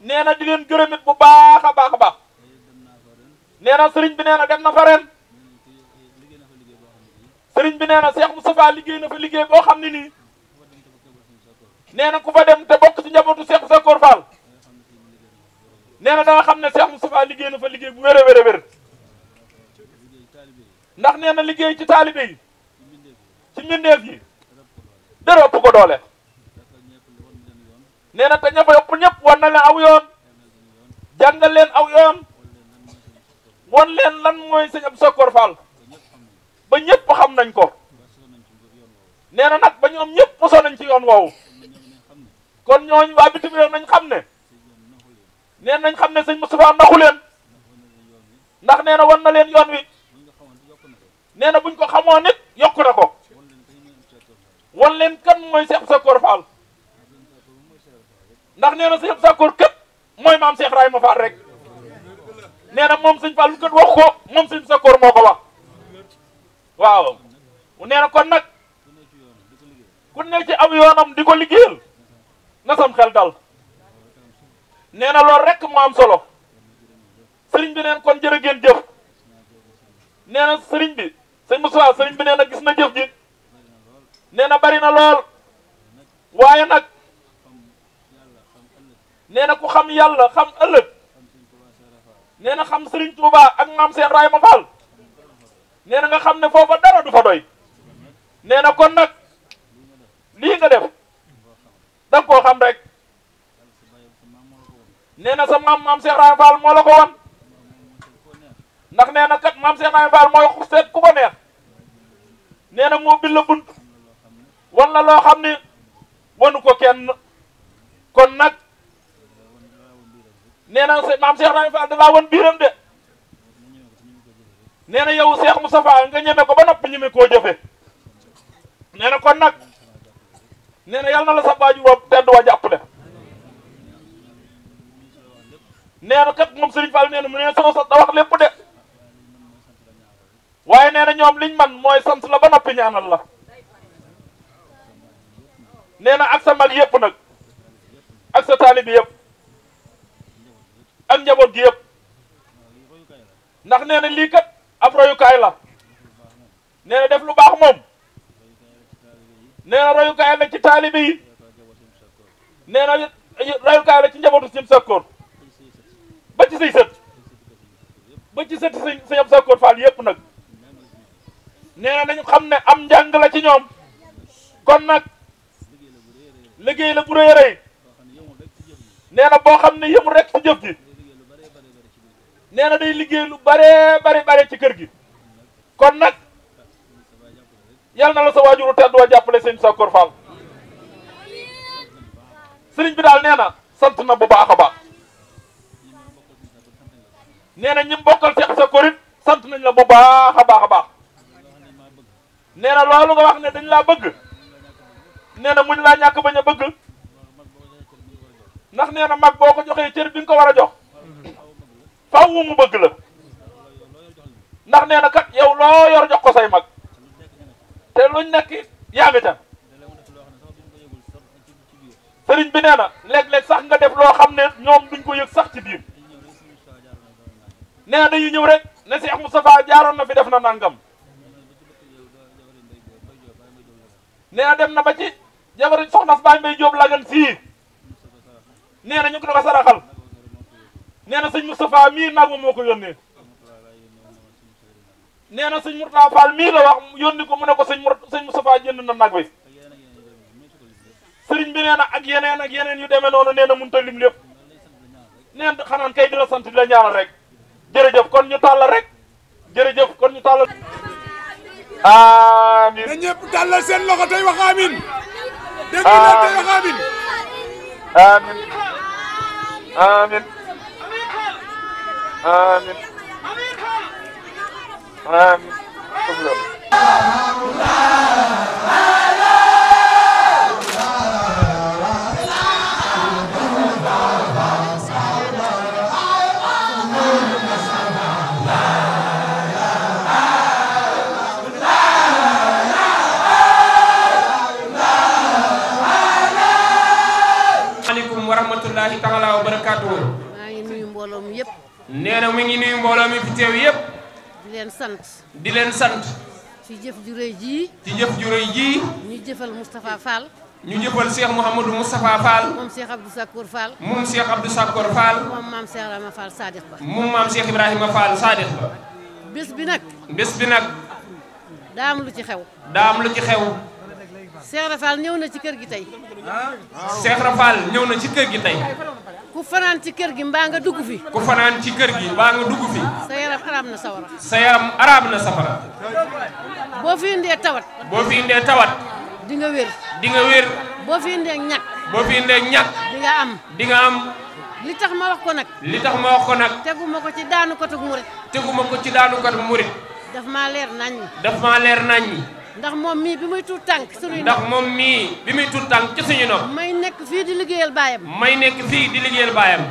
nee na di leen gërëmit bu baax a baax a baax nee na sëriñ bi nee na dem na fa ren sëriñ bi nee na Cheikh Moustapha liggéey na fa liggéey boo xam ne nii nee na ku fa dem te bokk ci njabootu Cheikh Sakor Fall nee na da nga xam ne Cheikh Moustapha liggéey na fa liggéey bu wér a wér a ndax nee na liggéey ci taalibe yi ci mbindeef yi dara ëpp ko doole. nee na te ña fa yóbbu ñëpp wan na leen aw yoon jàngal leen aw yoon wan leen lan mooy sëñ Abdou Shakor Fall ba ñëpp xam nañ ko nee na nag ba ñoom ñëpp mosoo nañ ci yoon woowu kon ñooñu waa bitim réew nañ xam ne nee nañ xam ne sëñ Moustapha ndaxu leen ndax nee na wan na leen yoon wi nee na buñ ko xamoon nit yokku na ko wan leen kan mooy Cheikh Abdou Shakor Fall ndax nee na sëñ Sakkoor kat mooy maam Cheikh ma Fall rek nee na moom sëñ Fall kat wax ko moom sëñ Sakkoor moo ko wax waaw nee na kon nag ku nekk ci am yoonam di ko liggéeyal nga sam xel dal nee na loolu rek mu am solo sëriñ bi neen kon jërë ngeen jëf nee na sëriñ bi sëñ Moussa sëriñ bi nee na gis na nee na ku xam yàlla xam ëllëg nee na xam Serigne Touba ak maam Cheikh Ibrahima Fall nee na nga xam ne foofa dara du fa doy nee na kon nag lii nga def da koo xam rek nee na sa maam maam Cheikh Ibrahima Fall moo la ko wan ndax nee na kat maam Cheikh Ibrahima Fall mooy seet ku ko neex nee na moo billa bunt wan la loo xam ne wanu ko kenn kon nag. nee na maam Cheikh Ibrahima Fall dalaa woon biiram de na yow Cheikh Moustapha nga ñeme ko ba noppi ñeme koo jëfe nee na kon nag nee na yàlla na la sa baaju boobu tedd wa jàppale nee na kat moom Serigne Fall nee na mu nee soo sa da wax lépp de waaye nee na ñoom liñ man mooy sant la ba noppi ñaanal la nee na ak sa mag yëpp nag ak sa taalibi yëpp ak njaboot gi yëpp ndax nee na lii kat ab royukaay la nee na def lu baax moom nee na la ci taalibe yi nee na la ci njabootu Sëñ Sakkoor ba ci say sët ba ci sët sëñ sëñ Sakkoor yëpp nag nee na xam ne am njàng la ci ñoom kon nag liggéey la bu rëy a rëy nee boo xam ne yëmul rek ci jëf ji nee na day liggéey lu bare bare bare ci kër gi kon nag yal na la sa waajuru tedd wa jàppale sëñ Sakoor Fall sëriñ bi daal nee na sant na ba baax a baax nee na ñi bokkal Cheikh Sakoor it sant nañ la bu baax a baax a baax nee na loolu nga wax ne dañ laa bëgg nee na muñ laa ñàkk bañ a bëgg ndax nee na mag boo ko joxee cër bi nga war a jox faw mu bëgg la ndax nee na kat loo yor jox ko say mag te luñ nekk yaa ngi tam sëriñ bi nee na léeg-léeg sax nga def loo xam ne ñoom duñ ko yëg sax ci biir nee na dañuy ñëw rek ne Cheikh Moustapha jaaroon na fi def na nangam nee na dem na ba ci jabari soxna Baye Mbaye Diop lagan fii nee na ñu ngi ko saraxal nee na sëñ Moustapha mii nagam moo ko yónnee nee na sëñ Mourtala Fall mii la wax yónni ko mu ne ko sëñ Mour sëñ Moustapha na nag bi sëriñ bi nee na ak yeneen ak yeneen yu demee noonu nee na mun a lim lépp nee na xanaan kay dina sant di la ñaanal rek jërëjëf kon ñu tàllal rek jërëjëf kon ñu tàllal. amiin na ñëpp tàllal آمين آمين mu ngi nuyu mbooloo mi fi teew yëpp. di leen sant. di leen sant. ci jëf ju rëy jii. ci jëf ju rëy jii. ñu jëfal Moustapha Fall. ñu jëfal Cheikh Mouhamadou Moustapha Fall. moom Cheikh Abdou Sakkour Fall. moom Cheikh Abdou Sakkour Fall. moom maam Cheikh Ibrahima Fall Sadiq Ba. moom maam Cheikh Ibrahima Fall Sadiq Ba. bés bi nag. bés bi nag. daam lu ci xew. daam lu ci xew. Cheikh Rafal ñëw na ci kër gi tey. Ah. Cheikh Rafal ñëw na ci kër gi tey. ku fanaan ci kër gi mbaa nga dugg fi. ku fanaan ci kër gi mbaa nga dugg fi. sa yaram araam na sawara. sa yaram araam na safara. boo fi indee tawat. boo tawat. di nga wér. di nga wér. boo fi indee ñàkk. boo fi di nga am. di nga am. li tax ma wax ko nag. li tax ma wax ko nag. teguma ko ci daanu kotug murit. teguma ko ci daanu kotug murit. daf maa leer naññi. daf maa leer naññi. ndax moom mii bi muy tuut tànk suñuy ndax moom mii bi muy tuut tànk ci suñu nopp may nekk fii di liggéeyal baayam may nekk fii di liggéeyal baayam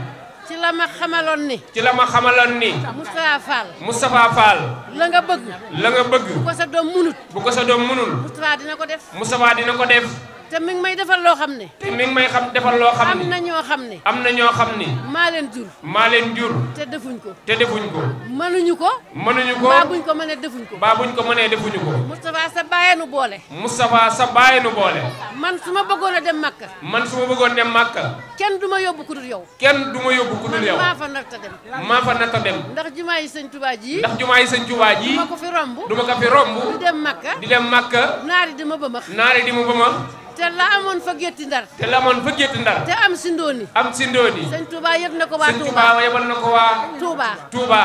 ci la ma xamaloon ni ci la ma xamaloon ni mu Fall Moustapha Fall la nga bëgg la nga bëgg bu ko sa doom munut bu ko sa doom munul Moustapha dina ko def Moustapha dina ko def te mi may defal loo xam ne. te mi ngi may xam defal loo xam ne. am na ñoo xam ne. am na ñoo xam ne. maa leen jur. maa leen jur. te defuñ ko. te defuñ ko. mënuñu ko. mënuñu ko baa buñ ko mënee defuñ ko. baa buñ ko mënee defuñu ko. Moustapha sa bàyyee nu boole. Moustapha sa bàyyee nu boole. man su ma bëggoon a dem Makka. man su ma bëggoon dem Makka. kenn du ma yóbbu ku dul yow. kenn du ma yóbbu ku dul yow. maa fa natt a dem. maa fa natt dem. ndax jumaa yi sëñ Tuubaa ji. ndax jumaa yi sëñ Tuubaa ji. du ma ko fi romb. du ma ko fi romb. di dem Makka. di dem Makka. naari di ma ba ma. ma ba ma. te la amoon fa gétti ndar te la amoon fa gétti ndar am si ndóoni am si ndóoni sëñ Touba yëpp na ko waa Touba sëñ Touba yebal na ko waa Touba Touba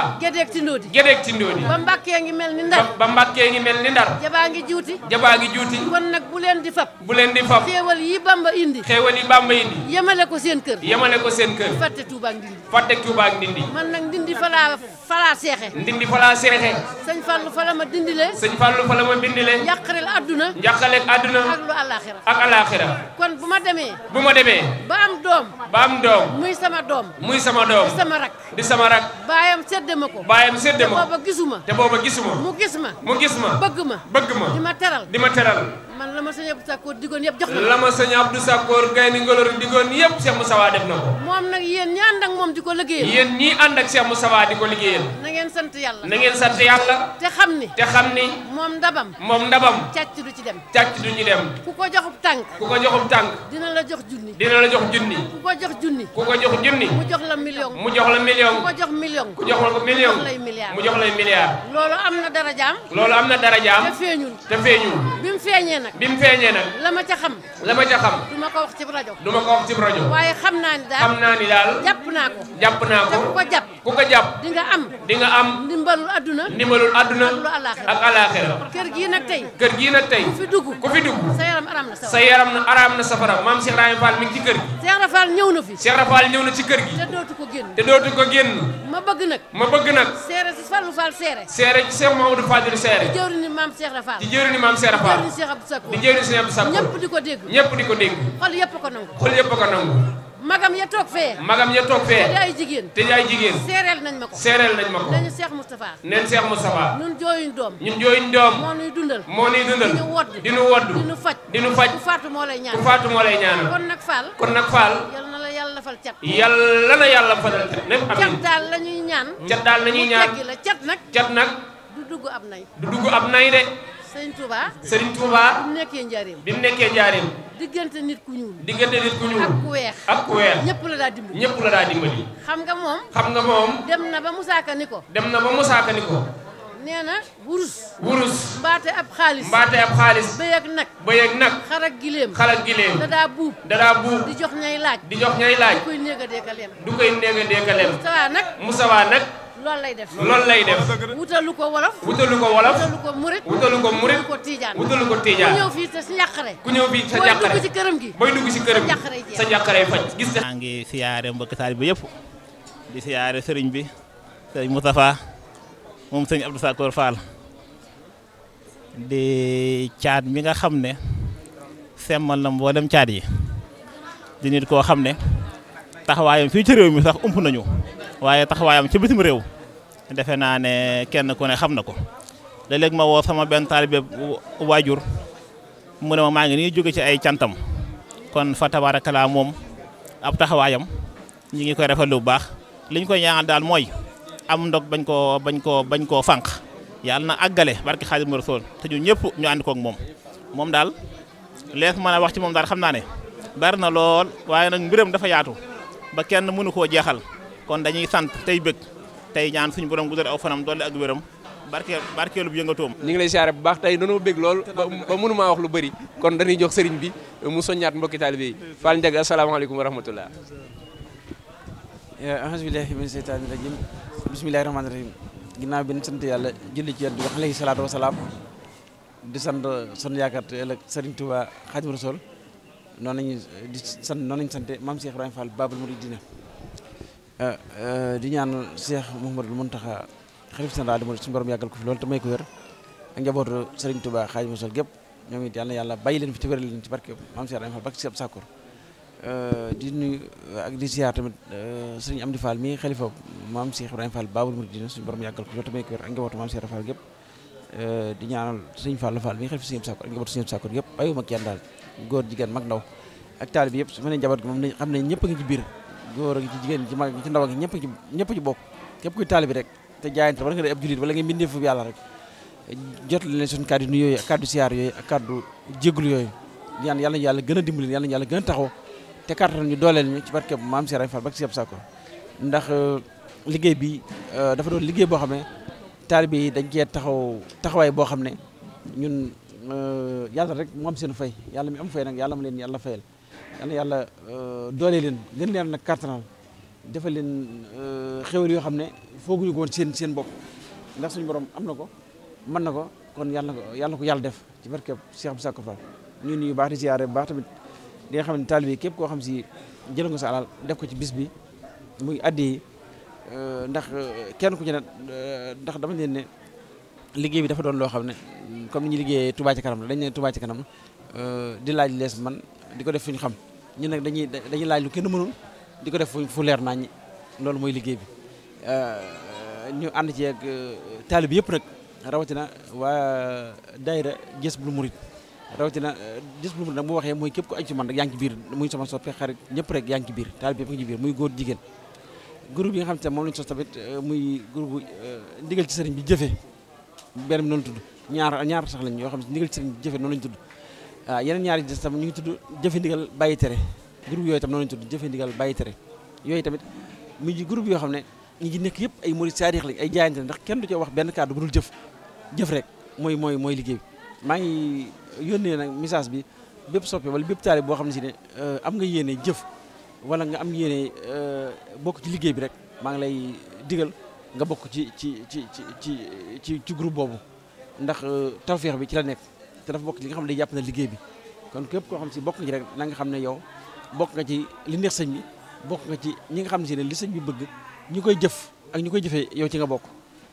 ci ndóoni gédeeg ci ndóoni ba mbàkkee ngi mel ni ndar ba mbàkkee ngi mel ni ndar jabaa ngi juuti jabaa ngi juuti kon nag bu leen di fab bu leen di fab xéewal yi bamba indi xéewal yi bamba indi yemale ko seen kër yemale ko seen kër fàtte Touba ak ndindi fàtte Touba ak ndindi man nag ndindi fa laa falaa seexe ndindi falaa seexe sëñ Fallou fa la ma dindilee sëñ Fallou fa la ma dindilee njàqareel àdduna njàqareel àdduna ak lu alaaxira ak alaaxira kon bu ma demee bu ma demee ba am doom ba am doom muy sama doom muy sama doom di sama rak di sama rak baayam sedde ma ko baayam sedde ma ko gisuma te booba gisuma mu gis ma mu gis ma bëgg ma bëgg ma di ma teral di ma teral man jox na la ma sëñ Abdou Sakkoor gaynde Ngolori digoon yëpp Cheikh ko moom nag yéen ñi ànd ak moom di ko liggéeyal yéen ñi ànd ak Cheikh na xam ni te xam moom ndabam moom ndabam càcc du ci dem càcc du ñu dem ku ko joxub tànk ku ko joxub tànk dina la jox junni dina la jox junni ku ko jox junni ku ko jox junni mu jox la million mu jox la million ku ko jox million ku jox la ko million mu jox lay milliard loolu am na darajaam loolu am na darajaam te feeñul te feeñul bi mu feeñee nag nag bi mu feeñee nag la ma ca xam la ma ca xam du ma ko wax ci rajo du ma ko wax ci rajo waaye xam naa ni daal naa ni daal jàpp naa ko jàpp naa ko ku ko jàpp ku ko jàpp di nga am di nga am ndimbalul adduna ndimbalul adduna ak alaaxira kër gii na tey kër gii na tey ku fi dugg ku fi dugg sa yaram araam na sa yaram na araam na safara maam Cheikh Rahim Fall mi ngi ci kër gi Cheikh Rafal ñëw na fi Cheikh Rafal ñëw na ci kër gi te ko génn te dootu ko génn ma bëgg nag ma bëgg nag seere si Fallou Fall seere seere ci Cheikh Mamadou Fadilou seere di jëwri di maam Cheikh Rafal di jëwri ni Cheikh Abdou Sakko di jëwri ni Cheikh Abdou Sakko ñëpp di ko dégg ñëpp di ko dégg xol yëpp ko nangu xol yëpp ko nangu magam ya toog fee magam ya toog fee te yaay jigéen te yaay jigéen seereel nañ ma ko seereel nañ ma ko nañu seex Moustapha neen Cheikh Moustapha ñun jooyuñ doom ñun jooyuñ doom moo nuy dundal moo nuy dundal diñu wodd diñu wodd diñu faj diñu faj ku faatu moo lay ñaan yàlla fal cat. yàlla na yàlla fal cat lépp amiin. cat daal la ñuy ñaan. cat daal la ñuy ñaan mu teggi cat nag. cat nag. du dugg ab nay. du dugg ab nay de. Serigne Touba. Serigne Touba. bi mu nekkee njaareem. bi mu nekkee njaareem. diggante nit ku ñuul. diggante nit ku ñuul. ak ku weex. ak ku weex. ñëpp la daa dimbali. ñëpp la daa dimbali. xam nga moom. xam nga moom. dem na ba Moussa Ka ni ko. dem na ba Moussa Ka ni ko. nee na wurus. wurus. mbaate ab xaalis. mbaate ab xaalis. bëy ak nag. bëy ak nag. xar ak gileem. xar ak gileem. dadaa buub. dadaa buub. di jox ñay laaj. di jox ñay laaj. du koy néega deekaleem. du koy néega deekaleem. Moustapha nag. Moustapha nag. loolu lay def loolu lay def. wutalu ko wolof. wutalu ko wolof. wutalu ko murit. wutalu ko murit. wutalu ko tiijaan. wutalu ku ñëw fii sa njàqare. ku ñëw fii sa njàqare. booy dugg ci këram gi. booy dugg ci faj gis nga. ngi siyaare mbokk taalibe bi yëpp di siyaare sëriñ bi sëriñ Moustapha moom sëñ Abdou Sakor Fall di caat mi nga xam ne semmal na mboolem caat yi di nit koo xam ne taxawaayam fii ci réew mi sax ump nañu waaye taxawaayam ci bitim réew defe naa ne kenn ku ne xam na ko léeg ma woo sama benn taalibe waajur mu ne ma maa ngi nii jóge ci ay cantam kon fa tabaarakala moom ab taxawaayam ñi ngi koy rafetlu bu baax liñ koy ñaanal daal mooy. am ndog bañ koo bañ koo bañ koo fànq yàlla na àggale barki Xaadimu Rasuul te ñun ñëpp ñu ànd koog moom moom daal lees mën a wax ci moom daal xam naa ne bari na lool waaye nag mbiram dafa yaatu ba kenn mënu koo jeexal kon dañuy sant tey bëgg tey ñaan suñu borom guddal aw fanam doole ak wéram barke barkeelu bu yëngatoom ñu ngi lay siyaare bu baax tey danoo bég lool ba mënumaa wax lu bari kon dañuy jox sëriñ bi mu soññaat mbokki taalibe yi Fall Ndiaga asalaamaaleykum wa Eh, auzu billahi min seytaani rajim bismillahi rahmaani rahim ginnaaw bi ñu sant yàlla julli ci yàlla bi alayhi salaatu wasalaam di sant son yaakaar te ëllëg tubaa Touba Xaadimu Rasuul noonu nañu di sant noonu nañu sante maam Cheikh Ibrahima Fall Babul Muridina eh, eh, di ñaan Cheikh Mouhamadul Mountakha xalif général murid suñu borom yàggal ko fi loolu te may ko wér ak njabootu Serigne Touba Xaadimu Rasuul gépp ñoom it yàlla yàlla bàyyi leen fi te wéral leen ci barke maam Cheikh Ibrahima Fall bak si ab sàkkur Euh, di nuyu euh, ak di ziar tamit euh, sëriñ Amdi Fall mii xalifa maam Cheikh Ibrahima Fall Baabul Muridina suñu borom yàggal ko jot may ko wér ak njabootu maam Cheikh Fall yëpp bàyyiwuma kenn daal góor jigéen mag ndaw ak taalib yëpp ma nee moom nañ xam ñëpp a ngi ci biir góor a ngi ci ndaw ñëpp ñëpp ci bokk képp kuy taalib rek te jaayante wala nga dee ab julit wala nga mbindeefu yàlla rek jot ak kàddu siyaar yooyu ak kàddu jégul yooyu ñaan yàlla yàlla gën a dimbali yàlla yàlla gën a taxaw te kàttan ñu dooleel ñu ci barke maam si Fall bak si yab Sakko ndax euh, liggéey bi euh, dafa doon liggéey boo xam ne taalibe yi dañ cee taxaw taxawaay boo xam ne ñun euh, yàlla rek moom seen fay yàlla mi am fay nag yàlla ma leen yàlla fayal yàlla yàlla doole leen gën leen nag kàttanal defal leen xéwal yoo xam ne fooguñu ko seen seen bopp ndax suñ borom am na ko mën na ko kon yàlla ko yàlla ko yàlla def ci barke Cheikh Abdou Sakko Fall ñu nuyu baax baax tamit di nga xam ne taalibe képp koo xam si jël sa alal def ko ci bis bi muy addi yi euh, ndax euh, kenn ku ci ne euh, ndax dama leen ne liggéey bi dafa doon loo xam ne comme ni ñu liggéeyee Touba ci kanam la dañ ne Touba ci kanam di laaj lees man di ko def fuñ xam ñu nag dañuy dañuy laaj lu kenn mënul di ko def fuñ fu leer nañ loolu mooy liggéey bi ñu ànd ci ak taalib yëpp nag rawatina waa daayira Jazboul Mouride rawatina dis euh, bu nag mu waxee mooy képp ko aju ci man rek yaa ngi ci biir muy sama soppe xarit ñëpp rek yaa ngi ci biir taal bi yëpp nga ci biir muy góor groupe yi nga xam te moom lañ sos tamit euh, muy groupe euh, ndigal ci sëriñ bi jëfe benn noonu tudd ñaar ñaar sax lañ yoo xam ne ndigal ci sëriñ bi jëfe noonu lañ tudd waaw ah, yeneen ñaar ñu ngi tudd jëfe ndigal bàyyi tere yooyu tam noonu tudd jëfe ndigal bàyyi yooyu tamit muy groupe yoo xam ne ñi ci nekk yëpp ay murid saadix lañ ay jaayante ndax kenn du ci wax benn kàddu bu dul jëf jëf rek mooy mooy mooy liggéey maa ngi yónnee nag message bi bépp soppe wala bépp taalibe boo xam ne si ne euh, am nga yéene jëf wala nga am yéene euh, bokk ci liggéey bi rek maa ngi lay digal nga bokk ci ci ci ci ci ci groupe boobu ndax euh, tawféex bi ci la nekk te dafa bokk ci li xam ne jàpp na liggéey bi kon képp koo xam si bokk ci rek na nga xam ne yow bokk nga ci li neex sëñ bi bokk nga ci ñi nga xam si ne li sëñ bi bëgg ñu koy jëf ak ñu koy jëfee yow ci nga bokk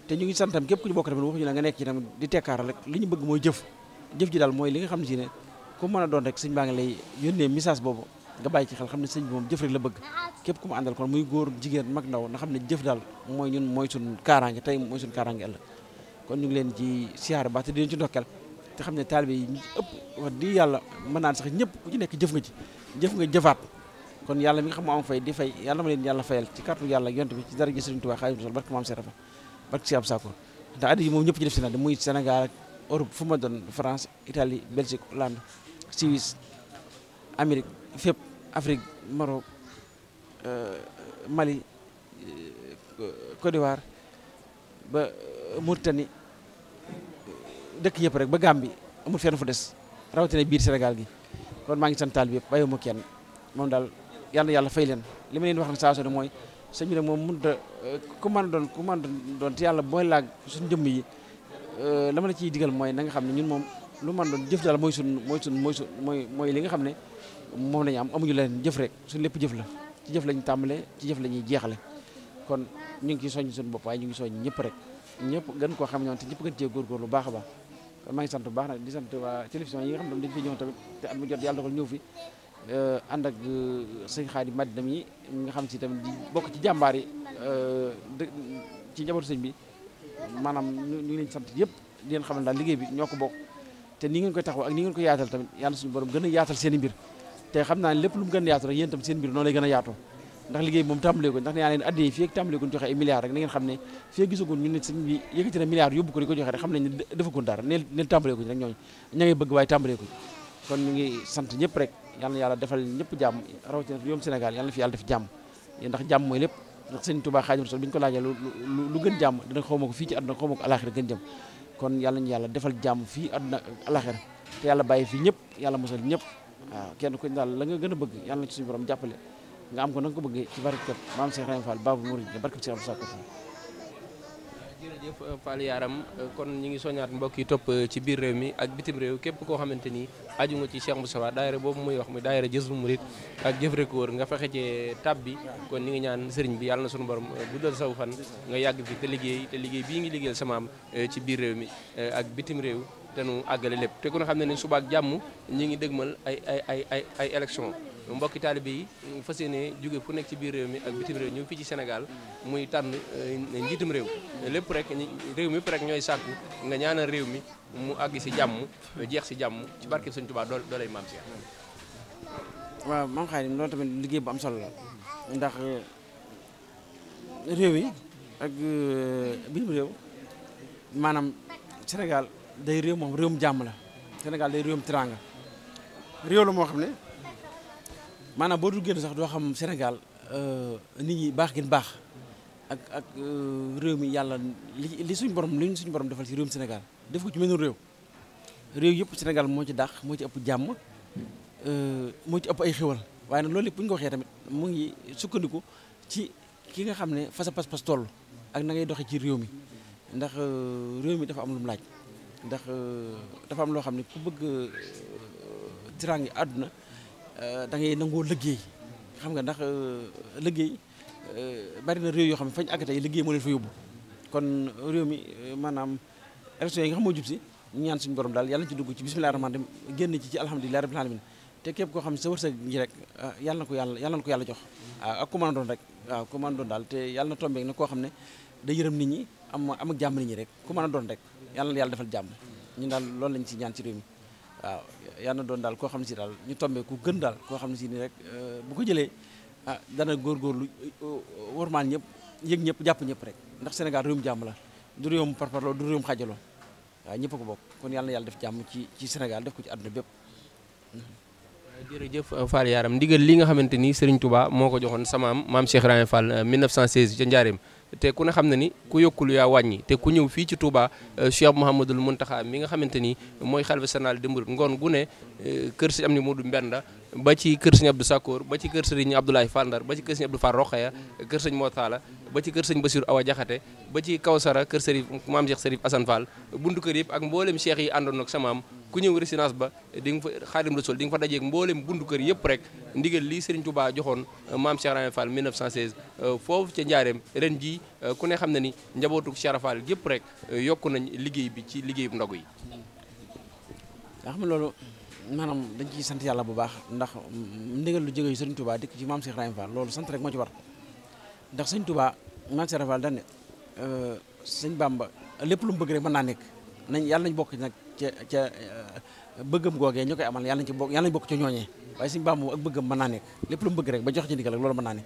te ñu ngi santam képp ku ci bokk tamit waxuñu la nga nekk ci tamit di tekkaar rek li ñu bëgg mooy jëf jëf ji daal mooy li nga xam ne si ku mën a doon rek sëñ baa ngi lay yónnee message boobu nga bàyyi ci xel xam ne sëñ bi moom jëf rek la bëgg képp ku mu àndal nga fay di fay yàlla ma leen yàlla fayal ci kàttu yàlla yonte bi ci dara ji sëriñ Tuubaa xaalisul barke barke si ab Saako ndax addi moom ñëpp ci def si na muy Sénégal Europe fu ma doon France Italie Belgique Hollande Suisse Amérique fépp Afrique Maroc euh, Mali euh, Côte d'Ivoire ba euh, Mauritanie dëkk yëpp rek ba Gambie amul fenn fu des rawatina biir Sénégal gi kon maa ngi santaal bi yëpp bàyyiwuma kenn moom daal yàlla yàlla fay leen li ma leen wax ne saa mooy sëñ bi nag moom mënut a ku mën doon ku mën doon te yàlla booy laag suñu jëmm yi. Euh, la ma la ciy digal mooy na xam ne ñun moom lu man doon jëf daal mooy sun mooy sun mooy sun mooy mooy li nga xam ne moom lañu am amuñu leen jëf rek suñ lépp jëf la ci jëf lañu tàmbalee ci jëf la ñuy jeexale kon ñu ngi ciy soññ suñu bopp waaye ñu ngi soññ ñëpp rek ñëpp gën ko xam ñoon te ñëpp cee góorgóor lu baax a baax maa ngi sant bu baax nag di sant waa télévision yi nga xam ne dañu fi ñëw tamit te at mu jot yàlla ko ñëw fi euh, ànd ak euh, sëñ Xaadim Madina mi nga xam si tamit di bokk ci jàmbaar yi ci njabootu sëñ bi maanaam ñu ngi sant yëpp di leen xamal daal liggéey bi ñoo ko bokk te ni ngeen koy taxaw ak yaatal tamit yàlla suñu borom gën a yaatal seen i mbir te xam naa ne lépp lu mu gën a yaatu rek yéen tam seen mbir a yaatoo ndax liggéey bi moom tàmbalee ndax ne yaa leen addee fii ak tàmbalee ko ñu joxe ay milliards rek na ngeen xam ko di ngi sant ñëpp rek yàlla yàlla defal ñëpp jàmm rawatina yoom Sénégal yàlla na fi yàlla def jàmm ndax jàmm mooy lépp ndax sëñ Tuubaa Xaadimu Rasuul bi ñu ko laajee lu lu gën jàmm dina xaw ma ko fii ci àdduna xaw ma ko alaxira gën jëm kon yàlla ñu yàlla defal jàmm fii àdduna alaxira te yàlla bàyyi fii ñëpp yàlla mosal ñëpp waaw kenn ku daal la nga gën a bëgg yàlla na ci suñu borom jàppale nga am ko na ko bëggee ci barkeb maam Cheikh Ibrahima Fall Babu Mouride barkeb Cheikh Abdou Sakko jërëjëf euh, Fall Yaram euh, kon ñi ngi soñaat mbokk yi topp euh, ci biir réew mi ak bitim réew képp koo xamante ni aju nga ci Cheikh Moustapha daayira boobu muy wax muy daayira Jazbul Murid ak jëf rek wër nga fexe ci tab bi kon ñu ngi ñaan sëriñ bi yàlla na sunu borom guddal saw fan nga yàgg fi te liggéey te liggéey bii ngi liggéeyal samaam ci biir réew mi ak bitim réew te nu àggale lépp te ku ne xam ne ne subaak jàmm ñi ngi dëgmal ay ay ay ay ay élection mbokki taalibe yi fas yéene jóge fu nekk ci biir réew mi ak bitim réew ñu fii ci Sénégal muy tànn euh, njiitum réew lépp rek réew mi rek ñooy sàkku nga ñaanal réew mi mu àgg si jàmm jeex si jàmm ci barkeb Sëñ Tuubaa doo doolay maam si liggéey am solo la ndax ak euh, bitim Sénégal day réew moom réewum jàmm la Sénégal day réewum teraanga réew la moo xam ne maanaam boo dul génn sax doo xam Sénégal euh, nit ñi baax gën baax ak ak euh, réew mi yàlla li li suñ borom li suñ borom defal ci réewum Sénégal def ci meneen réew réew yëpp Sénégal moo ci dàq moo ci ëpp jàmm euh, moo ci ëpp ay xéwal waaye nag loolu yëpp bu ñu waxee tamit mu ngi sukkandiku ci ki nga xam ne fa sa pas-pas toll ak na ngay doxee ci réew mi ndax réew mi dafa am lu laaj ndax dafa am loo xam ne ku bëgg tiraangi àdduna Euh, da ngay nangoo liggéey xam nga ndax euh, liggéey euh, bari na réew yoo xam ne fañ àgg tey liggéey moo leen fa yóbbu kon réew mi maanaam élection yi nga xam moo jub si ñaan suñu borom daal yàlla na ci dugg ci bismillah rahmaan dem génn ci ci alhamdulilah rabbil alamin te képp koo xam ne sa wërsëg ji rek ah, yàlla ko yàlla yàlla na ko yàlla jox ah, waaw ak commandoon daal te yàlla na tombeek nag koo xam ne da yërëm nit ñi am am ak jàmm nit ñi rek doon rek yàlla yàlla defal jàmm ñun daal loolu lañu ci ñaan ci réew mi waaw yàlla na doon daal koo xam ne si daal ñu tombee ku gën daal koo xam ne si nii rek euh, bu ko jëlee ah dana góorgóorlu euh, wormaal ñëpp yëg ñëpp jàpp ñëpp rek ndax Sénégal réewum jàmm la du réewum parparloo du réewum xajaloo waaw ñëpp ko bokk kon yàlla na yàlla def jàmm ci ci Sénégal def ko ci àdduna bépp. jërëjëf euh, Fall Yaram ndigal li nga xamante ni tubaa moo ko joxoon samaam maam Cheikh Rahane Fall 1916 ca Njaareem. te ku ne xam na ni ku yokkul yaa wàññi te ku ñëw fii ci Touba euh, Cheikh Mouhamadul Mountakha mi nga xamante ni mooy xalifa général des mourides ngoon gu ne euh, kër si am ni Modou Mbenda ba ci kër sëñ Abdou Sakkoor ba ci kër sëriñ Abdoulaye Fall Ndar ba ci kër sëñ Abdou Fall Rokhaya kër sëñ Motaala ba ci kër sëñ Bassirou Awa Jaxate ba ci Kawsara kër sërif maam Cheikh Sërif buntu kër yëpp ak mboolem cheikh yi àndoon ba di nga fa Xaadim Rasul di nga fa dajeeg mboolem buntu kër yëpp rek ndigal lii Sëriñ Touba joxoon euh, maam Cheikh Rahane euh, foofu ca Njaareem ren jii euh, ku ne xam ne ni njabootu Cheikh Fall yëpp rek yokku nañ liggéey bi ci liggéey bu ndogu yi maanaam dañ ciy sant yàlla bu baax ndax ndigal lu jóge Sëriñ tubaa dikk ci maam Cheikh Ibrahima Fall loolu sant rek moo ci war ndax Sëriñ Touba maam Cheikh Ibrahima Fall dañ ne euh, lépp lum mu bëgg rek mën naa nekk nañ yàlla nañ bokk nag ca ca euh, bëggam googee ñu amal yàlla ci bokk yàlla bokk ca ñooñee waaye Sëriñ Bamba moom ak mën naa nekk lépp lu mu bëgg ba jox ci ndigal rek loolu mën naa ne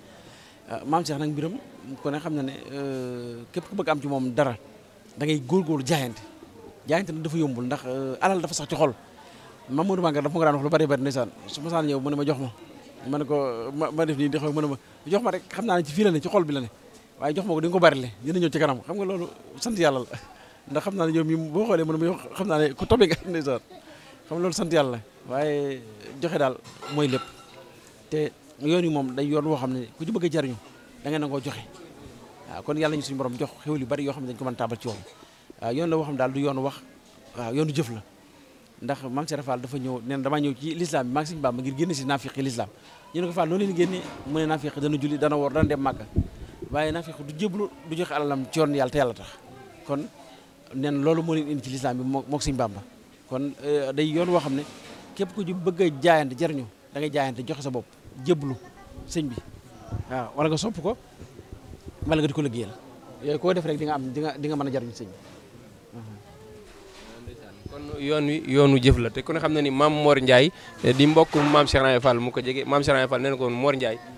euh, maam Cheikh nag mbiram ku ne xam na ne képp ku bëgg am ci moom dara dangay ngay góorgóorlu jaayante jaayante nag dafa yombul ndax alal dafa sax ci xol Mamadou Maguette dafa ma ko daan wax lu bari bari ndeysaan su ma saan ñëw mu ne ma jox ma ma ne ko ma def nii di ma jox ma rek xam naa ne ci fii la ne ci bi la ne waaye jox ma ko di ko bari le dina ñëw ci kanam xam nga loolu sant ndax xam naa ne yow mi boo xoolee mu ne ma xam naa ko ku tobi nga ndeysaan xam loolu sant yàlla la waaye joxe daal mooy lépp te yoon yi moom day yoon woo xam ne ku ci bëgg a jariñu da nga nangoo joxe waaw kon ñu suñu borom jox xéwal yu bari yoo xam ne dañ ko mën a tàbbal ci yoon yoon la woo xam daal du yoonu wax waaw yoonu jëf la ndax maam Cheikh Fall dafa ñëw nee dama damaa ñëw ci lislaam bi maag Sëñ Bamba ngir génn si naafiq yi lislaam ñu ne ko Fall loolu leen génne mu ne naafiq dana julli dana woor dana dem màkka waaye naafiq du jéblu du joxe alalam ci yoon yàlla te yàlla tax kon nen loolu moo leen indi ci lislaam bi moo moog Sëñ Bamba kon euh, day yoon woo xam ne képp ku bëgg a jaayante jariñu dangay ngay jaayante joxe sa bopp jéblu sëñ bi waaw wala nga sopp ko wala nga di ko liggéeyal koo def rek di nga am di nga di nga mën a sëñ bi yoon wi yoonu jëf la te ku ne xam na ni maam moor Ndiaye eh, di mbokk maam Cheikh Ibra Fall mu ko jege maam Cheikh Ibra Fall nee na ko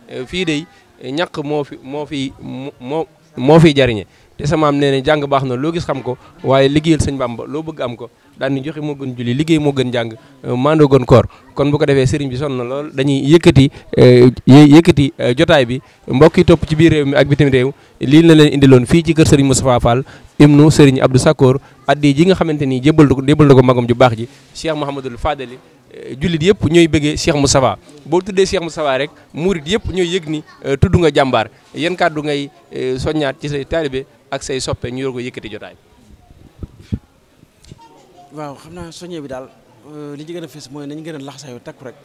eh, fii de eh, ñàq moo fi moo fi moo moo fiy jariñe te sa maam nee na jàng baax na loo gis xam ko waaye liggéeyal sañ Bamba loo bëgg am ko daan joxe moo gën julli liggéey moo gën jàng euh, maandoo gën koor kon bu ko defee sëriñ bi sonn na lool dañuy yëkkati euh, yëkkati euh, jotaay bi mbokk yi topp ci biir réew mi ak bitim réew lii na leen indiloon fii ci kër sëriñ Moustapha Fall ibnu sëriñ Abdou Sakkoor addi ji nga xamante ni jébbal jébbal na ko magam ju baax ji Cheikh Mouhamadul Fadali jullit yëpp ñooy bëggee Cheikh Moustapha boo tuddee Cheikh Moustapha rek murit yëpp ñooy yëg ni tudd nga jàmbaar yan kàddu ngay soññaat ci say taalibe ak say soppe ñu yor ko yëkkati jotaay waaw xam naa soññee bi daal euh, li ci gën a fës mooy nañ gën a laxasaayu takku rek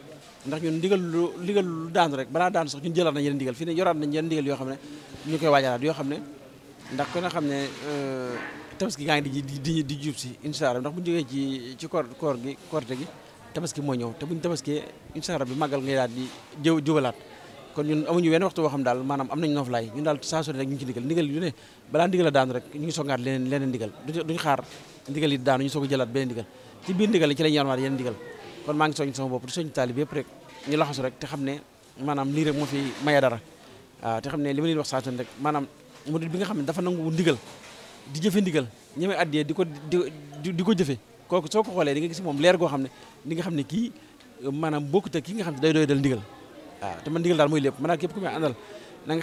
ndax ñun ndigal lu ndigal lu daanu rek balaa daanu sax ñun jëlaat nañ yeneen ndigal fii ne xam ne ñu koy waajalaat yoo xam ne ndax ku xam ne euh, tabaski gaa ngi di di di jub si incha allah bu ñu jógee ci ci koor koor gi korte gi tabaski moo ñëw te buñ tabaskee incha allah bi màggal ngay daal di jëw jubalaat kon ñun amuñu wenn waxtu ngi ci ndigal ndigal yu a daanu rek xaar ndigal it daanu ñu soog jëlaat beneen ndigal ci biir ndigal ci la ñu yalwaat yeneen ndigal maa ngi soññ sama bopp di soññ taalib yëpp rek ñu laxasu rek te xam ne maanaam moo fi maye xam ne li ma leen wax saa rek maanaam murid bi nga xam ne dafa nangu ndigal di jëfe di ko di di ko jëfe kooku soo ko xoolee di nga gis moom leer goo xam ne di nga xam ne kii maanaam bokkut ak kii nga xam ne day doy dal ndigal waaw te man mooy lépp man daal képp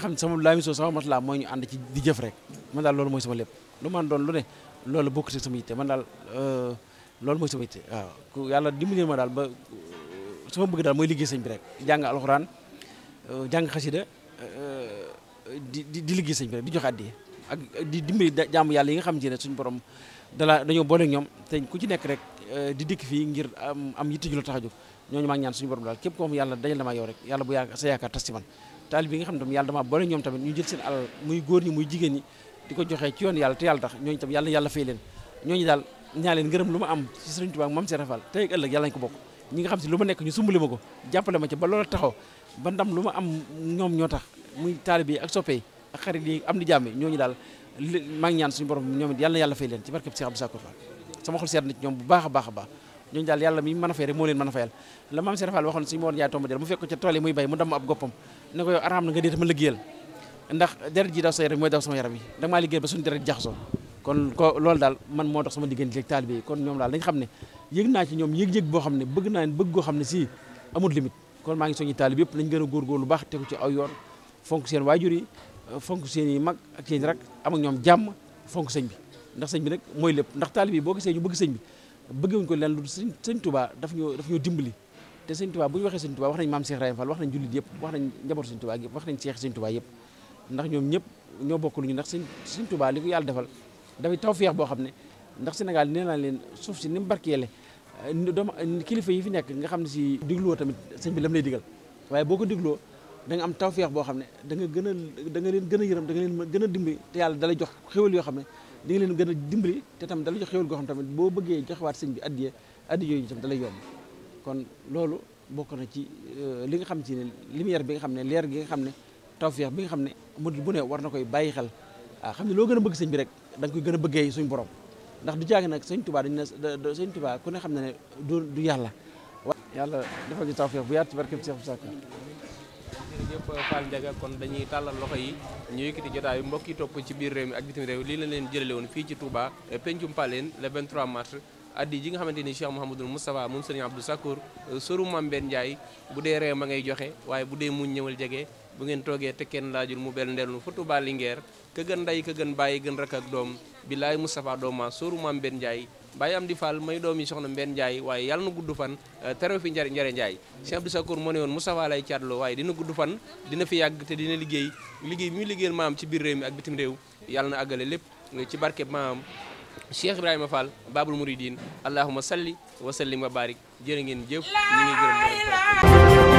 xam ne sama laamisoo sama mooy ñu ànd ci di jëf rek man daal loolu mooy sama lépp lu man doon lu ne loolu bokk ci sama yitte man daal euh, loolu mooy sama yitte waaw ku yàlla dimbali ma daal ba euh, sama bëgg daal mooy liggéey sëñ bi rek jàng alxuraan euh, jàng xasida di di di liggéey sëñ bi rek di joxe addi ak di dimbali jaamu yàlla yi nga xam ne suñu borom dala dañoo boole ñoom te ku ci nekk rek di dikk fii ngir am am yitte ju la tax a jóg ñooñu maa ngi ñaan suñu borom daal képp koo xam yàlla dajal damaa yow rek yàlla bu yaakaar sa yaakaar tas ci man taal nga xam ne tamit ñu jël seen alal muy góor ñi muy jigéen ñi di ko joxee ci yoon yàlla te yàlla tax ñooñu tam yàlla yàlla fay leen ñooñu daal ñaa leen ngërëm lu ma am ci Sëriñ Tuubaa mam see rafal tey ëllëg yàlla nañ ko bokk ñi nga xam si lu ma nekk ñu sumbali ma ko jàppale ma ci ma am ñoom ñoo tax muy taalibe yi ak soppe yi ak xarit yi am daal maa ñaan suñu borom ñoom yàlla yàlla fay leen ci barkeb Cheikh Abdou Sakor Fall sama xol seet na ñoom bu baax a baax a baax ñooñu daal yàlla mi mën a fay rek moo leen mën a fayal la maam Cheikh Fall waxoon suñu moon yaay tomba del mu fekk ca tool yi muy bay mu damm ab goppam ne yow ndax deret ji daw sa yaram mooy daw sama yaram yi da maa liggéey ba suñu deret jaxasoo kon ko loolu daal man moo tax sama diggante ak taalibe yi kon ñoom daal dañ xam ne yëg naa ci ñoom yëg-yëg boo xam ne bëgg naa bëgg goo xam ne si amul kon maa ngi soññi taalibe yëpp nañ gën góorgóorlu lu baax tegu ci aw yoon fonk seen waajur mag ak seen rak am ñoom jàmm fonk sëñ bi ndax sëñ bi nag mooy lépp ndax taalibe yi boo gisee ñu bëgg sëñ bi bëggewuñ ko leen lu sëñ tubaa Tuubaa daf ñu daf ñu dimbali te sëñ Tuubaa bu ñu waxee sëñ Tuubaa wax nañ maam Cheikh Ibrahima wax nañ jullit yëpp wax nañ njaboot sëñ Tuubaa wax nañ Cheikh sëñ Tuubaa yëpp ndax ñoom ñëpp ñoo bokk lu ñu ndax sëñ sëñ Tuubaa li ko yàlla defal dafay tawféex boo xam ne ndax Sénégal nee naa leen suuf si ni mu barkeele eh, doom kilifa yi fi nekk nga xam ne si digloo tamit sëñ bi lam lay digal waaye boo ko digloo da am taw tawféex boo xam ne da nga gën da nga leen gën a yërëm da nga leen gën a dimbali te yàlla dalay jox xéwal yoo xam ne di leen gën a dimbali te tam dalay jox xéwal goo xam tamit boo bëggee joxewaat sëñ bi addiye addiye yooyu tam dalay yomb kon loolu bokk na ci eh, li nga xam ci ne lumière bi nga xam ne leer gi nga xam ne tawféex bi nga xam ne murid bu ne war na koy bàyyi xel waaw ah, xam ne loo gën a bëgg sëñ bi rek da nga koy gën a bëggee suñ borom ndax du jaag nag sëñ Tuubaa dañ ne sëñ Tuubaa ku ne xam ne ne du du yàlla yàlla defal ñu tawfeex bu yaatu bu barkeb Seex Muusaa Ka jërëjëf Fall kon dañuy tàllal loxo yi ñu yëkkati jotaay mbokk yi topp ci biir réew mi ak bitim réew lii la leen jëlale woon fii ci Touba pencum Paleen le 23 mars addi ji nga xamante ni Cheikh Mouhamadul Moustapha moom sëriñ Abdou Sakour sëru Mame Mbène Ndiaye bu dee réew ma ngay joxe waaye bu dee muñ ñëwal jege bu ngeen toogee te kenn laajul mu bel ndelnu fu Touba Linguère ka gën nday ka gën bàyyi gën rakk ak doom bilaay Moustapha dooma sóoru maam Mbène Ndiaye bàyyi am di Fall may doom yi soxna Mbène Ndiaye waaye yàlla na gudd fan eh, terew fi njare njare Ndiaye Cheikh Abdou Sakour moo ne woon Moustapha lay caatloo waaye dina gudd fan dina fi yàgg te dina liggéey liggéey bi muy liggéeyal maam ci biir réew mi ak bitim réew yàlla na àggale lépp eh, ci barkeb maam Cheikh Ibrahima Fall Babul Mouridine allahumma salli wa sallim wa barik jërë ngeen jëf ñu ngi gërëm